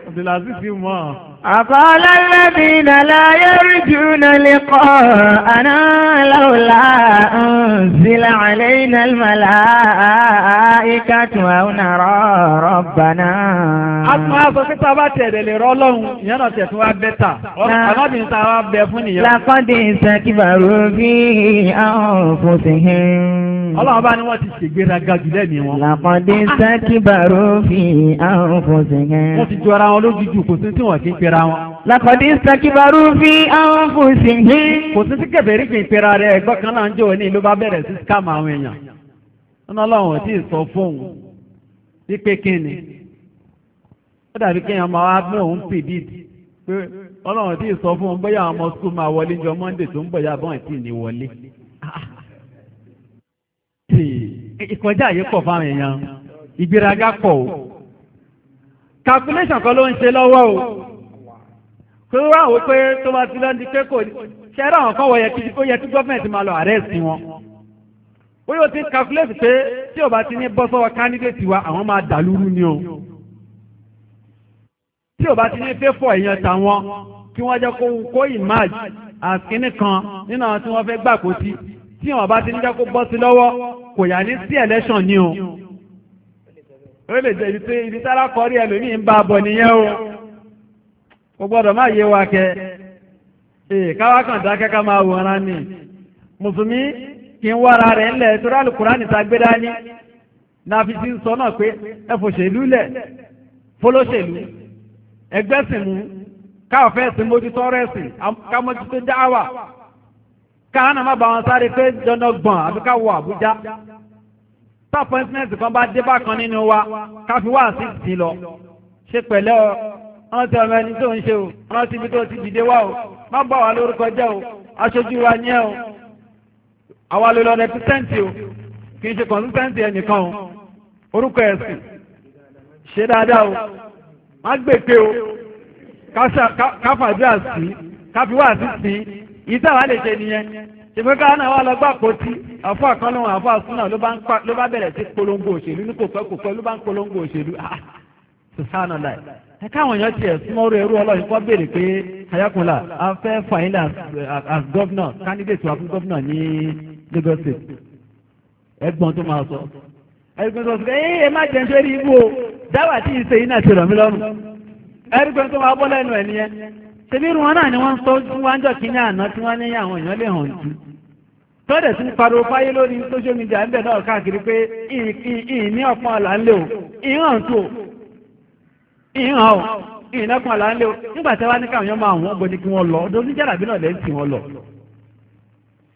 ọ̀dùnlàzí fi mọ̀ ọ́. أقال الذين لا يرجون لقاءنا لولا أنزل علينا الملائكة أو نرى ربنا Àtúnwá sọ pé tá a bá tẹ̀lé lè rọ́ lọ́hùn, ìyẹn náà tẹ̀tún wá bẹ́ tà. Ọlọ́bìnrin tá a wá bẹ fún nìyẹn. Lákọ́dé ìsẹ́kíbàrú bí àwọn fòsìhìn. Ọlọ́run bá ní wọ́n ti ṣègbéraga jù lẹ́mìí wọn. Lákọ́dé ìsẹ́kíbàrú bí àwọn fòsìhìn. Wọ́n ti jọra wọn lójú jù kò sí tí wọ́n kí ń pera pera wọn. Làkọ̀dí Sakibaru fi àwọn fún ìsìnkú. Kò sí sí kẹfẹ́ rí kì í pera rẹ̀ ẹgbọ́n kan náà ń jò ní ìlú bá bẹ̀rẹ̀ sí scam àwọn èèyàn. Wọ́n lọ́wọ́ tí ì sọ fóun wípé kí ni. Ó dàbí kéèyàn máa wá mú òun pìdíìdì pé ọlọ́run tí ì sọ fún un bóyá àwọn ọmọ skul máa wọlé jọ Monday tó ń bọ̀ yá bọ́n ẹ̀ tí ì ní wọlé. Ìkọjá yìí pọ̀ fáwọn èèyàn. Ìgbéraga pọ̀ o. Calculation kan ló ń ṣe lọ́wọ́ o tó wá wò pé tó bá ti lọ́ndí pé kò ṣẹ́rẹ́ àwọn kan wọ̀nyẹ kí ó yẹ kí gọ́ọ̀mẹ̀ntì máa lọ àrẹ́sì wọn ó yóò ti calculate pé tí ò bá ti ní bọ́ sọ́wọ́ candidate wa àwọn máa dàlúrú ni o tí ò bá ti ní fẹ́fọ̀ èèyàn tàwọn kí wọ́n jẹ́ kó kó image àkíní kan nínú àwọn tí wọ́n fẹ́ gbà kó sí tí wọ́n bá ti ní jẹ́ kó bọ́ sí lọ́wọ́ kò yà ní sí election ni o ó lè jẹ́ ibi tí ibi tára kọrí ẹlòmíì bá a bọ̀ nìyẹn o kò gbọ́dọ̀ máa yé wa kẹ ee káwá kan dákẹ́ ká máa wòran ni mùsùlùmí kì ń wára rẹ̀ ńlẹ̀ torí àlùkùránì ta gbé dání náà fi ti ń sọ náà pé ẹ fòṣèlú lẹ̀ fọlọ́ṣèlú ẹgbẹ́ sìn mú káwọ̀ fẹ́ sí mójútó rẹ̀sìn ká mójútó dáwà káàánà má bá wọn sáré pé dandan gbọ̀n wọ àbújá tá appointment kan bá dé bákan nínú wa ká fi wá sí ti lọ ṣe pẹ̀lẹ́ rántí ọmọ ẹni tó ń ṣe o rántí ibi tó ti dìde wá o má bà wá lórúkọ jẹ́ o aṣojú wa ní ẹ o àwa lè lọ rẹpítẹ́ǹtì o kì í ṣe kọ̀ǹtẹ́ǹtì ẹnìkan o orúkọ ẹ̀sìn ṣe dáadáa o má gbèpè o káfàdúrà sí káfíwá sí sí ìta wa lè ṣe nìyẹn ṣùgbọ́n káwọn náà wà lọ gbà àfọ àkànlọ́wọ̀n àfọ àsúná ló bá bẹ̀rẹ̀ sí polongo òṣèlú ní kò pẹ́ ló bá ń polongo òṣèlú ah, ah. subhanallah. káwọn èèyàn tiẹ̀ súnmọ́rú ẹrú ọlọ́yin kọ́ béèrè pé ayakunla a fẹ́ fàyínlẹ̀ as governor candidate wa fún governor ní Lagos state ẹgbọ́n tó máa sọ ẹgbẹ́ tó sọ ẹ ẹ má jẹ́ ń sórí ibú o dáwà tí ìṣe yìí náà ti rọ̀ mí lọ́rùn ẹgbẹ́ tó máa bọ́ lẹ́nu ẹ̀ nìyẹn irun wọn náà ni wọ́n ń ìhàn o ìnákun àlà ń o nígbà tí ní káwọn yẹn lọ ọdún oníjàràbí náà tí wọn lọ.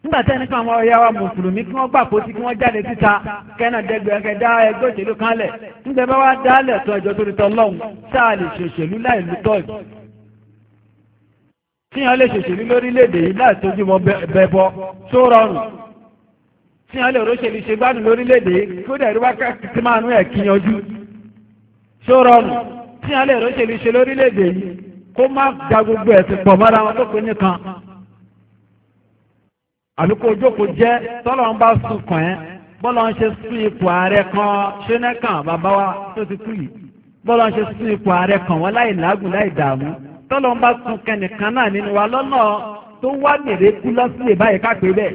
nígbà tí ẹnìkan wa mùsùlùmí kí wọn gbà kí wọn jáde síta dá òṣèlú nígbà bá tó lè ṣòṣèlú láì tí wọn lè ṣèṣèlú lórílẹ̀-èdè yìí láì tójú mọ tó rọrùn tí lè ṣe lórílẹ̀-èdè kó tí a lè rọ́ṣèlú ṣe lórílẹ̀-èdè yìí kó má da gbogbo ẹ̀sìn pọ̀ mọ́ra wọn tó pé nìkan àbí kó jókòó jẹ́ tọ́lọ́ ń bá sùn kàn ẹ́ bọ́lá ń ṣe sún ipò ààrẹ kan ṣẹ́nẹ́kàn bàbá wa tó ti kú yìí bọ́lá ń ṣe sún ipò ààrẹ kan wọ́n láì làágùn láì dààmú tọ́lọ́ ń bá sùn kẹ́nìkan náà nínú wa lọ́nà tó wá mèrè lọ́sílẹ̀ báyìí ká pé bẹ́ẹ̀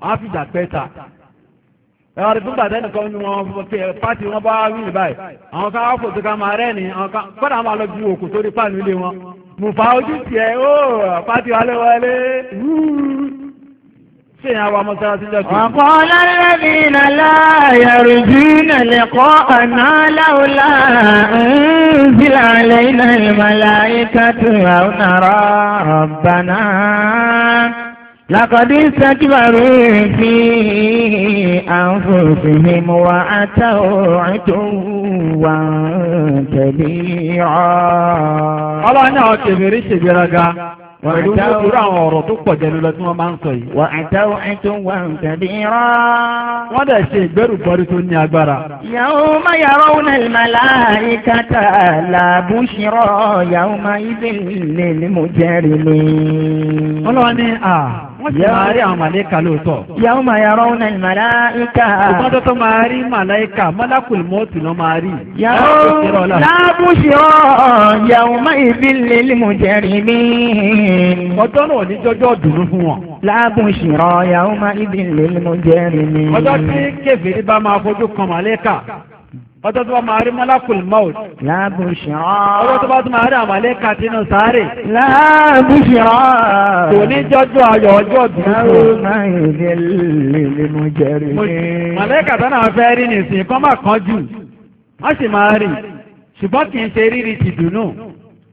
á fìjà pẹ́ta ẹwà rẹ̀ fúngbà tẹ́nìkan ní wọn pàtí wọn bá wí ní báyìí àwọn kan ápò tó ká máa rẹ́ ní àwọn kan kọ́nà máa lọ ju òkú sórí pàánù ilé wọn mùfà ojú tiẹ̀ ó pàtí wà lẹ́wọ́lé ṣé ìyá wa mọ́sálásí jẹ́ kí. ọ̀pọ̀ ọlọ́lẹ́bí iná láàyẹ̀rù jù ní ẹ̀lẹ́kọ́ ọ̀nà láwùlá ń sílẹ̀ àlẹ́ iná ìmọ̀lá ikàtúwà ọ̀nà rọ̀ ọ̀bàná. لقد استكبروا في أنفسهم وأتوا عتوا كبيرا الله أنا أكبر شبيرا pẹ̀lú nítorí àwọn ọ̀rọ̀ tó pọ̀ jẹnu lọ tí wọ́n máa ń sọ yìí. wà á dá òun tó wà ń tẹ̀lé rán. wọ́n dẹ̀ ṣe ìgbẹ́rù bọ́rí tó ní agbára. yàwó má yàrá òun náà ìmàlà ìkàtà làbú ṣírọ̀ yàwó má ibi lè ní mo jẹ́rìí ni. wọ́n lọ ní à wọ́n sì máa rí àwọn màláìka lóòótọ́. yàwó máa yàrá òun náà màláìka. ìbádọ́ tó máa rí màláìka mọ́lákùlù mọ́ọ̀tù ló máa rí. yàwó láàbù ṣe ọ́ yàwó máa ìbí lèlí mo jẹ́rìí mí. ọjọ́ náà ní jọjọ́ dùnú fún wọn. láàbù ṣe yàwó máa ìbí lèlí mo jẹ́rìí mí. ọjọ́ tí kèfèrí bá máa fojú kan màláìka ọjọ́ tó bá máa rí malakul maut. láàbù ṣìrán. ọjọ́ tó bá tó máa rí àmàlẹ́ kàtínú sáré. láàbù ṣìrán. kò ní jọjọ ayọ̀ ọjọ́ dùn. láwọn máa ń yẹ lèlè mú jẹrì. màlẹ́kà tó náà fẹ́ rí nìsín kọ́ máa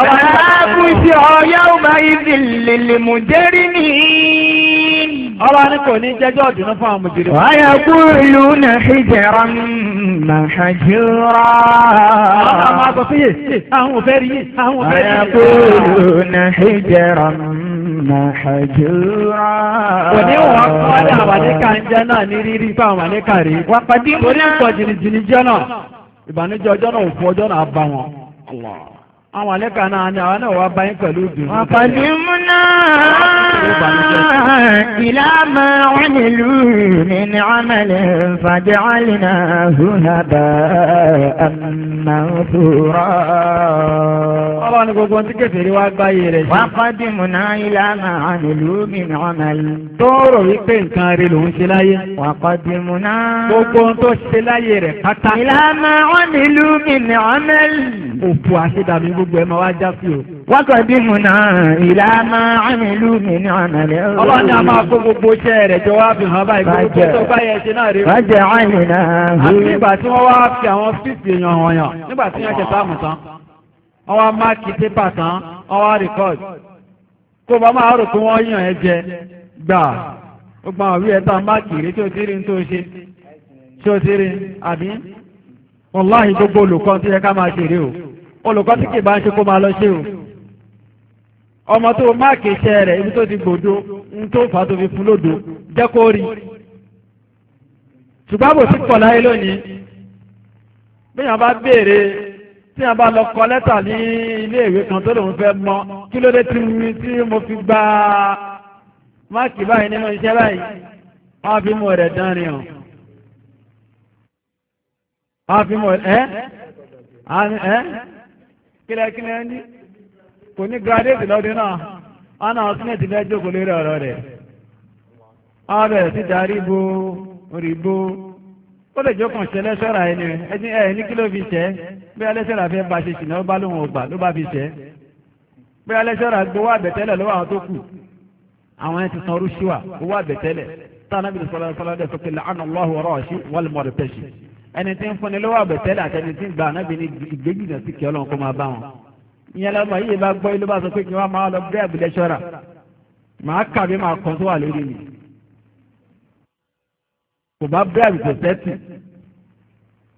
Ọ̀làbùsí ọ̀yá ọba ibi lèlè mú jẹ́rí ní. Ọba ní kò ní jẹ́jọ́ ọ̀dùnú fún àwọn mùjìrì. Wáyà kú ìlú náà hijira mahajura. Ọba máa gbọ́ fún yìí, àwọn òfẹ́ rí yìí, àwọn òfẹ́ rí yìí. Wáyà kú ìlú náà hijira mahajura. Kò ní wọ́n kọ́ ọ́dà àwàdíkà ń jẹ́ náà ní rírí fún àwọn àwàdíkà rí. Wàpàdé mú náà. Torí ìkọ̀ jìnnìjìnnì jẹ́ náà, ìbànújẹ́ ọjọ́ náà ò fún ọjọ́ náà bá wọn àwọn alẹ́kà náà ni àwọn náà wá báyín pẹ̀lú ìdùnnú. ọ̀pọ̀lú múná ìlàmà ọ̀nìlú nínú ọmọlẹ̀ fàjẹ́ ọ̀lìnà hùnàbà àmàfúrọ̀. ọlọ́run ní gbogbo tí kẹfìrí wá gbáyé rẹ̀ sí. wọ́n pàdé múná ìlàmà ọ̀nìlú nínú ọmọlẹ̀. tó rò wípé nǹkan rí lòún ṣe láyé. wọ́n múná. gbogbo tó ṣe láyé rẹ̀ pátá. ìlàmà ọ̀nìlú nínú ọmọlẹ̀. òpó àṣedàmígbò gbogbo ẹ̀ máa wá já sí o. wákọ̀ bí mo nà ìlà máa àmì ìlú mi ní ọ̀nà rẹ̀. ọlọ́run náà máa kó gbogbo iṣẹ́ rẹ̀ jọ wá fi hàn báyìí gbogbo tó bá yẹ ṣe náà rí. bàjẹ́ àyè náà. àti nígbà tí wọ́n wá fi àwọn fíìsì èèyàn hàn yàn nígbà tí wọ́n ṣe sáàmù tán wọ́n wá máàkì pépà tán wọ́n wá rìkọ́d kó bá máa rò pé wọ́n yàn ẹ jẹ gbà gbogbo àwọn ìwé ẹ̀ta máàkì rí tí ti rí tó ṣe tí ti rí àbí wọ́n láàyè gbogbo olùkọ́ tó yẹ ká máa ṣeré o olùkọ́ tí kì bá ń ṣe kó máa lọ ṣe o ọmọ tó máàkì iṣẹ́ rẹ̀ ibi tó ti gbòdo ń tó fà tó fi fún lòdò jẹ́ kó rí ṣùgbọ́n bò sí pọ̀ láyé lónìí bí yàn bá béèrè tí yàn bá lọ kọ lẹ́tà ní ilé ìwé kan tó lòun fẹ́ mọ kí ló dé tí mo fi gba máàkì báyìí nínú iṣẹ́ báyìí wọ́n fi mú rẹ̀ dán rí hàn wọ́n fi mú ẹ́ ẹ́ kílẹ̀ kílẹ̀ ní kò ní gradate lọ́dún náà a náà sílẹ̀ ti fẹ́ jókòó lórí ọ̀rọ̀ rẹ̀ a bẹ̀rẹ̀ sí darí bo orí bo ó lè jókòó ṣẹlẹ̀ ṣọ́ra ẹni ẹni ẹ ní kí ló fi ṣẹ́ bí alẹ́ṣọ́ra fẹ́ bá ṣe ṣìnà ó bá lóun ọgbà ló bá fi ṣẹ́ bí alẹ́ṣọ́ra gbowó àbẹ̀tẹ́lẹ̀ lọ́wọ́ àwọn tó kù àwọn ẹni ti san orúṣìwà owó àbẹ̀tẹ́lẹ̀ táwọn náà bí ẹni tí ń fúnni lówó àbẹ̀tẹ́lẹ̀ àtẹni tí ń gba ànábì ní ìgbéjìnà sí kí ọlọ́run kó máa bá wọn. ìyẹn lọ́mọ yìí bá gbọ́ ilé bá sọ pé kí wọ́n máa lọ bí àbílẹ̀ ṣọ́ra màá kà bí màá kàn tó wà lórí mi. kò bá bí àbí kò sẹ́tì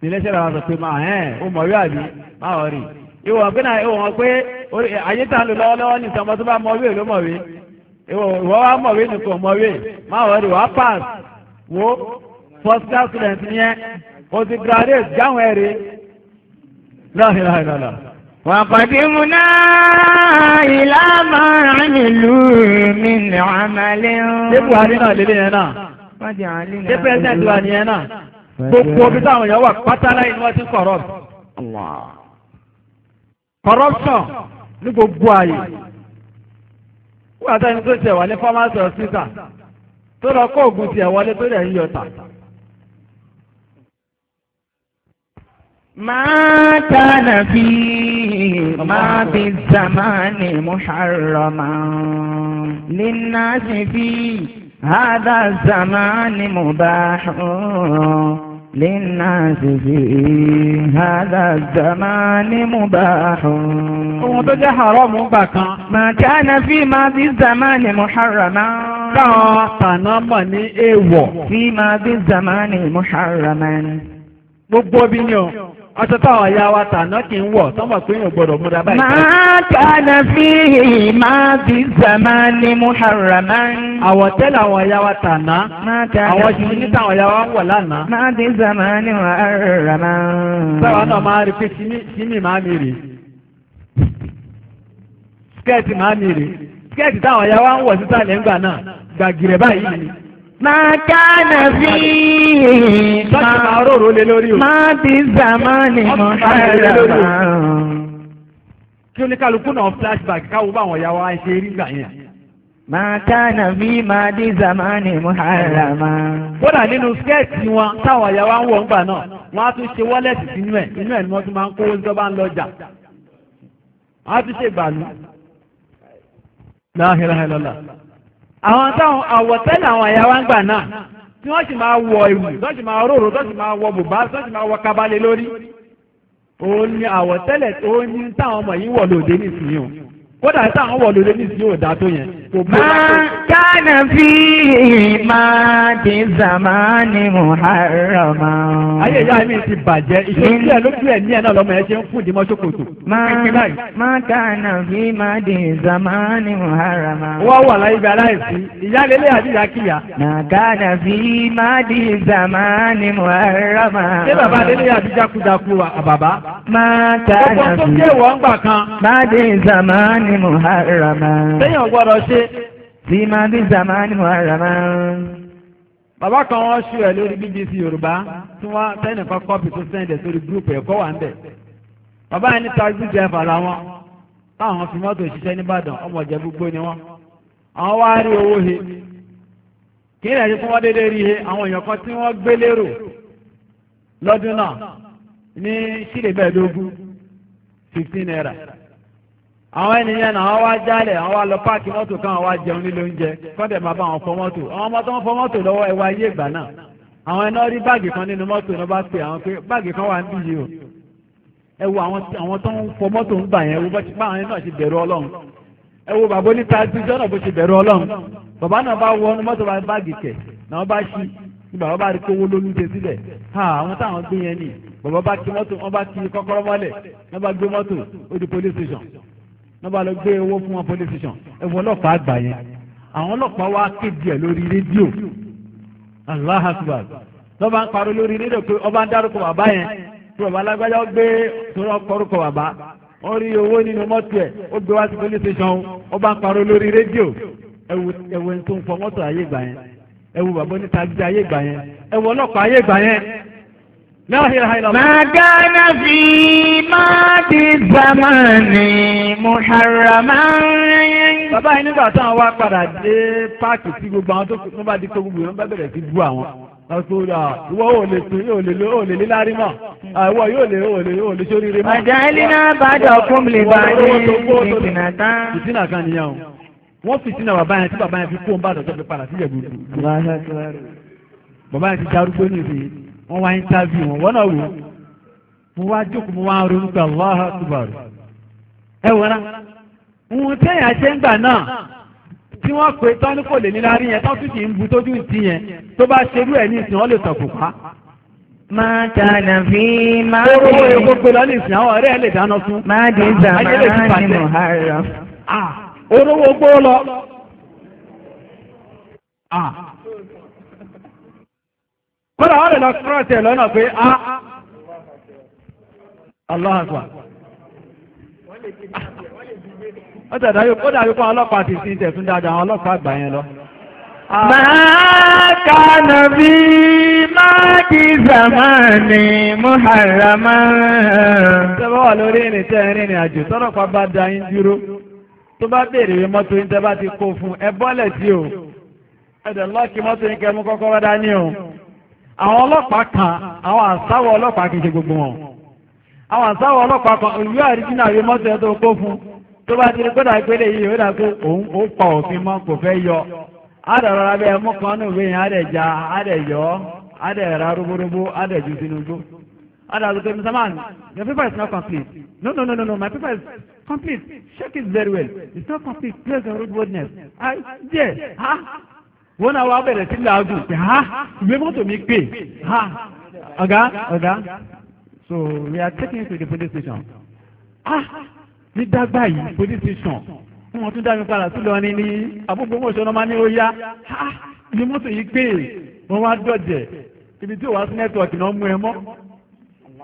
nílé ṣọ́ra wa sọ pé máa hẹ́n ó mọ̀ wí àbí máa wọ̀ rí. ìwọ pé ìwọ wọn pé ayé tá a lò lọ́wọ́lọ́wọ́ ní ìtàn bá mọ̀ wí o ti graduate jáwọn ẹ̀rí láìláìláìlá. وقدمنا إلى ما naa. من عمل Gbogbo omi táwọn èèyàn wà pátálá inú ọtí corrupt. Corruption ní gbogbo ààyè. Wọ́n àtàrí tó ṣẹ̀wà ní pharmacy hospital tó lọ kó ògùn ti ẹ̀wọlé tó rẹ̀ ń yọta. ما كان في الزمان محرما للناس في هذا الزمان مباح للناس في هذا الزمان مباح ohun tó jẹ́ haram ń ما في الزمان محرما káwọn tàná mọ̀ ní èèwọ̀. في الزمان محرما. gbogbo bí ni o. aṣọ táwọn ìyá wa tàná kì ń wọ̀ tọ́mọ̀ pé èèyàn gbọ́dọ̀ múra báyìí. máa fi máa fi zamani muharraman. àwọn tẹ́lẹ̀ àwọn ìyá wa tàná. máa kàdà fi àwọn ṣìṣẹ́ táwọn ìyá wa ń wọ̀ lánàá. máa sábà náà máa mi rè skẹ́ẹ̀tì máa mi rè skẹ́ẹ̀tì táwọn wa ń wọ̀ ńgbà náà gbàgìrẹ̀ Máa kánà sí máa ti zàmánì mọ̀hárà kí oníkàlùkù náà flashback káwọ́ bá àwọn ìyàwó àìṣe rí gbà yẹn. máa bí máa dé zamani muharama. kódà nínú skẹ́ẹ̀tì wọn táwọn ìyàwó ń wọ̀ ńgbà náà wọ́n á tún ṣe wọ́lẹ̀tì sínú ẹ̀ inú ẹ̀ ni wọ́n tún máa ń kówó tó bá ń lọ́jà. wọ́n á tún ṣe gbàlú. láhìláhìlọ́lá. àwọn táwọn àwọ̀tẹ́lẹ̀ àwọn àyà wa ń gbà náà tí wọ́n sì máa wọ ìwù tó sì máa róró tó sì máa wọ bùbá tó sì máa wọ kabalẹ̀ lórí òun ni àwọ̀tẹ́lẹ̀ tó ní táwọn ọmọ yìí wọ̀ lóde nísìnyí o kódà táwọn wọ̀ lóde nísìnyí ò dá tó yẹn ما كان فيه ما دي زمان محرما ayé ìyá mi ti bàjẹ́ iṣẹ́ tí ẹ lójú ẹ̀ ní ẹ̀ náà lọ́mọ ẹ ṣe ń fún ìdímọ́ ṣòkòtò. má kàánà fi má di zamani muharama. wọ́n wà láyé ibi aláìsí ìyá lélẹ̀ àti ìyá kíyà. má kàánà fi má di zamani muharama. ṣé bàbá lélẹ̀ àti jákujáku àbàbá. má tí máa bí zamani wà rárá. bàbá kan wọ́n ṣú ẹ̀ lórí BBC Yorùbá tí wọ́n tẹ́nìkan kọ́pì tó sẹ́ńdẹ̀ sórí gúrùpù ẹ̀kọ́ wà ń bẹ̀. bàbá yẹn ní taxi driver làwọn táwọn fi mọ́tò ṣiṣẹ́ gbogbo ni wọ́n. àwọn wá rí owó he kí ni ẹ̀rí fún wọn rí he àwọn èèyàn kan tí wọ́n gbé lérò lọ́dún náà ní fifteen naira. àwọn ènìyàn náà wọ́n wá jálẹ̀ wọ́n wá lọ páàkì mọ́tò kan wọ́n wá jẹun nílé oúnjẹ kọ́ndẹ̀ máa bá wọn fọ mọ́tò àwọn ọmọ tó ń fọ mọ́tò lọ́wọ́ ẹwà ayé ìgbà náà àwọn ẹni rí báàgì kan nínú mọ́tò náà bá pè àwọn pé báàgì kan wà níbí yìí o ẹ wo àwọn tó ń fọ mọ́tò ń bà yẹn wo báwọn ẹni náà ti bẹ̀rù ọlọ́run ẹ wo bàbá oníta gbígbọ́ náà bó ti bẹ̀rù ọlọ́run bàbá bá rí kówó lólúdé sílẹ̀ àwọn táwọn gbé yẹn nì bàbá bá kí mọ́tò wọn bá kí kọ́kọ́rọ́ mọ́lẹ̀ wọn bá gbé mọ́tò ó di police station níbo ló gbé owó fún wọn police station ẹ̀wọ̀n ọlọ́pàá àgbà yẹn àwọn ọlọ́pàá wa kéde ẹ̀ lórí rédíò allah akbar lọ́ba ń parọ́ lórí rédíò pé ọba ń dárúkọ bàbá yẹn tí bàbá alágbájá ó gbé tọ́lọ́ kọ́rúkọ bàbá ó rí owó nínú mọ́tò ẹ̀ ó gbé wá sí police station ọba ń parọ́ lórí rédíò ẹ̀wù tó ń fọ mọ́tò ayé gbà yẹn ẹ̀wù bàbá oníta gbé ayé gbà yẹn ما كان في مات الزمان محرما Bàbá yìí nígbà táwọn wá padà dé páàkì sí gbogbo àwọn tó kún bá di pé gbogbo ìran bá bẹ̀rẹ̀ sí bú àwọn. Àṣọ ìyá ìwọ ò lè tún yóò lè lé ò lè lé lárí mọ̀. Àìwọ yóò lè ò lè ò lè sóríire mọ̀. Ọ̀jà Elina Bàdà Ọkùnrin lè bá ní ìsìnà tán. Ìsìnà kan nìyẹn o. Wọ́n fi ìsìnà bàbá yẹn tí bàbá yẹn fi kó ń bá àdàjọ́ fi padà sí ìyẹ̀gbọ̀n. Bàbá yẹn ti darúgbó ní ìsìn wọ́n wá wọn wọ́n náà wò mo wá jókòó mo wá ronú pé Allahu ẹ wọ́nra ohun tí èèyàn ṣe ń gbà náà tí wọ́n pe tọ́ni kò lè nílá rí yẹn tó tún kì bu tójú ti yẹn tó bá ṣerú ẹ̀ ní ìsìn lè pa. Máa fi máa Owó epo pe lọ ní ìsìn àwọn ọ̀rẹ́ ẹ̀ lè kódà wọ́n lè lọ kírọ́ọ̀sì ẹ̀ lọ́nà pé a ah, Allah ha! ó tẹ̀dá yóò kódà yóò kọ́ ọlọ́pàá ti sin tẹ̀sùn dáadáa àwọn ọlọ́pàá àgbà yẹn lọ. Máa bí zàmánì Mùhàrámà. àjò Tó bá mọ́tò ti fún bọ́lẹ̀ Ẹ̀dẹ̀ lọ́ọ̀kì mọ́tò yín kẹ́mú àwọn ọlọ́pàá kan àwọn àsáwọ̀ ọlọ́pàá kìí ṣe gbogbo wọn àwọn àsáwọ̀ ọlọ́pàá kan ìwé àríjìnà rẹ mọ́tò ẹ̀ tó kó fún tó bá ti rí gbọ́dọ̀ ìpele yìí ó dàgbé òun ó pa òfin mọ́ kò fẹ́ yọ àdàrọ̀ abẹ́ ẹmú kan ní òwe yẹn àdẹ̀já àdẹ̀yọ́ àdẹ̀rà rúbúrúbú àdẹ̀jú mr man your paper is not complete no no no no my paper is complete check it very well it's not complete place of Ah, there ah wọn náà wá bẹ̀rẹ̀ sí làágùn pé ha ìwé mọ́tò mi pè ha ọ̀gá ọ̀gá so we are taking you to the police station ha. ní dágbà yìí police station wọn tún dá mi padà sí lọ ní ní àbúgbò mọ̀ṣọ́ ọmọ ní ó yá ha ìwé mọ́tò yìí pè wọn wá dọ̀jẹ̀ ibi tí ò wá sí nẹ́tíwọ̀kì náà mú ẹ mọ́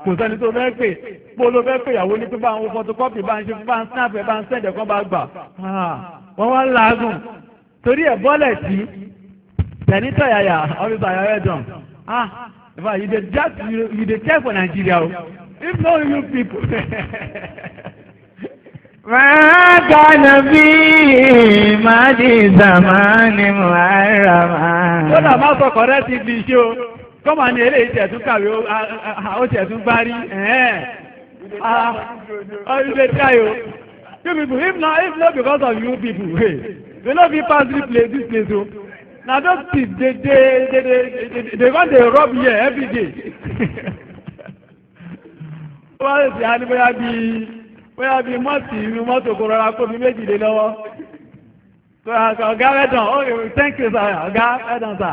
kò sẹ́ni tó fẹ́ pè bó ló fẹ́ pè ìyàwó ní pé bá ń wo photocopy bá ń ṣe bá ń snap ẹ̀ bá ń send ẹ̀kọ́ bá gbà wọ́n wá làágùn torí ẹ̀ bọ́lẹ̀ sí Tẹ̀ní tọ̀yàyà ọ́fíìsì àyàwó dùn. Ah, Eva, you dey just you, you dey care for Nigeria o. If no you people. ما كان في ماضي زمان محرما. Kódà má sọ kọ̀rẹ́tì bí ṣé o. Kọ́mà ni eléyìí tẹ̀tún kàwé ó tẹ̀tún gbárí. Oh, you dey try o. You people, if not, if not because of you people, hey, we no fit pass this place, this place o na those things dey dey dey dey dey come dey rub here every day wọ́n á sì á ní bóyá bíi bóyá bíi mọ́tì inú mọ́tò kó rọra kó mi méjìlé lọ́wọ́ ọ̀gá ẹ̀dàn ọ̀gá ẹ̀dàn sà.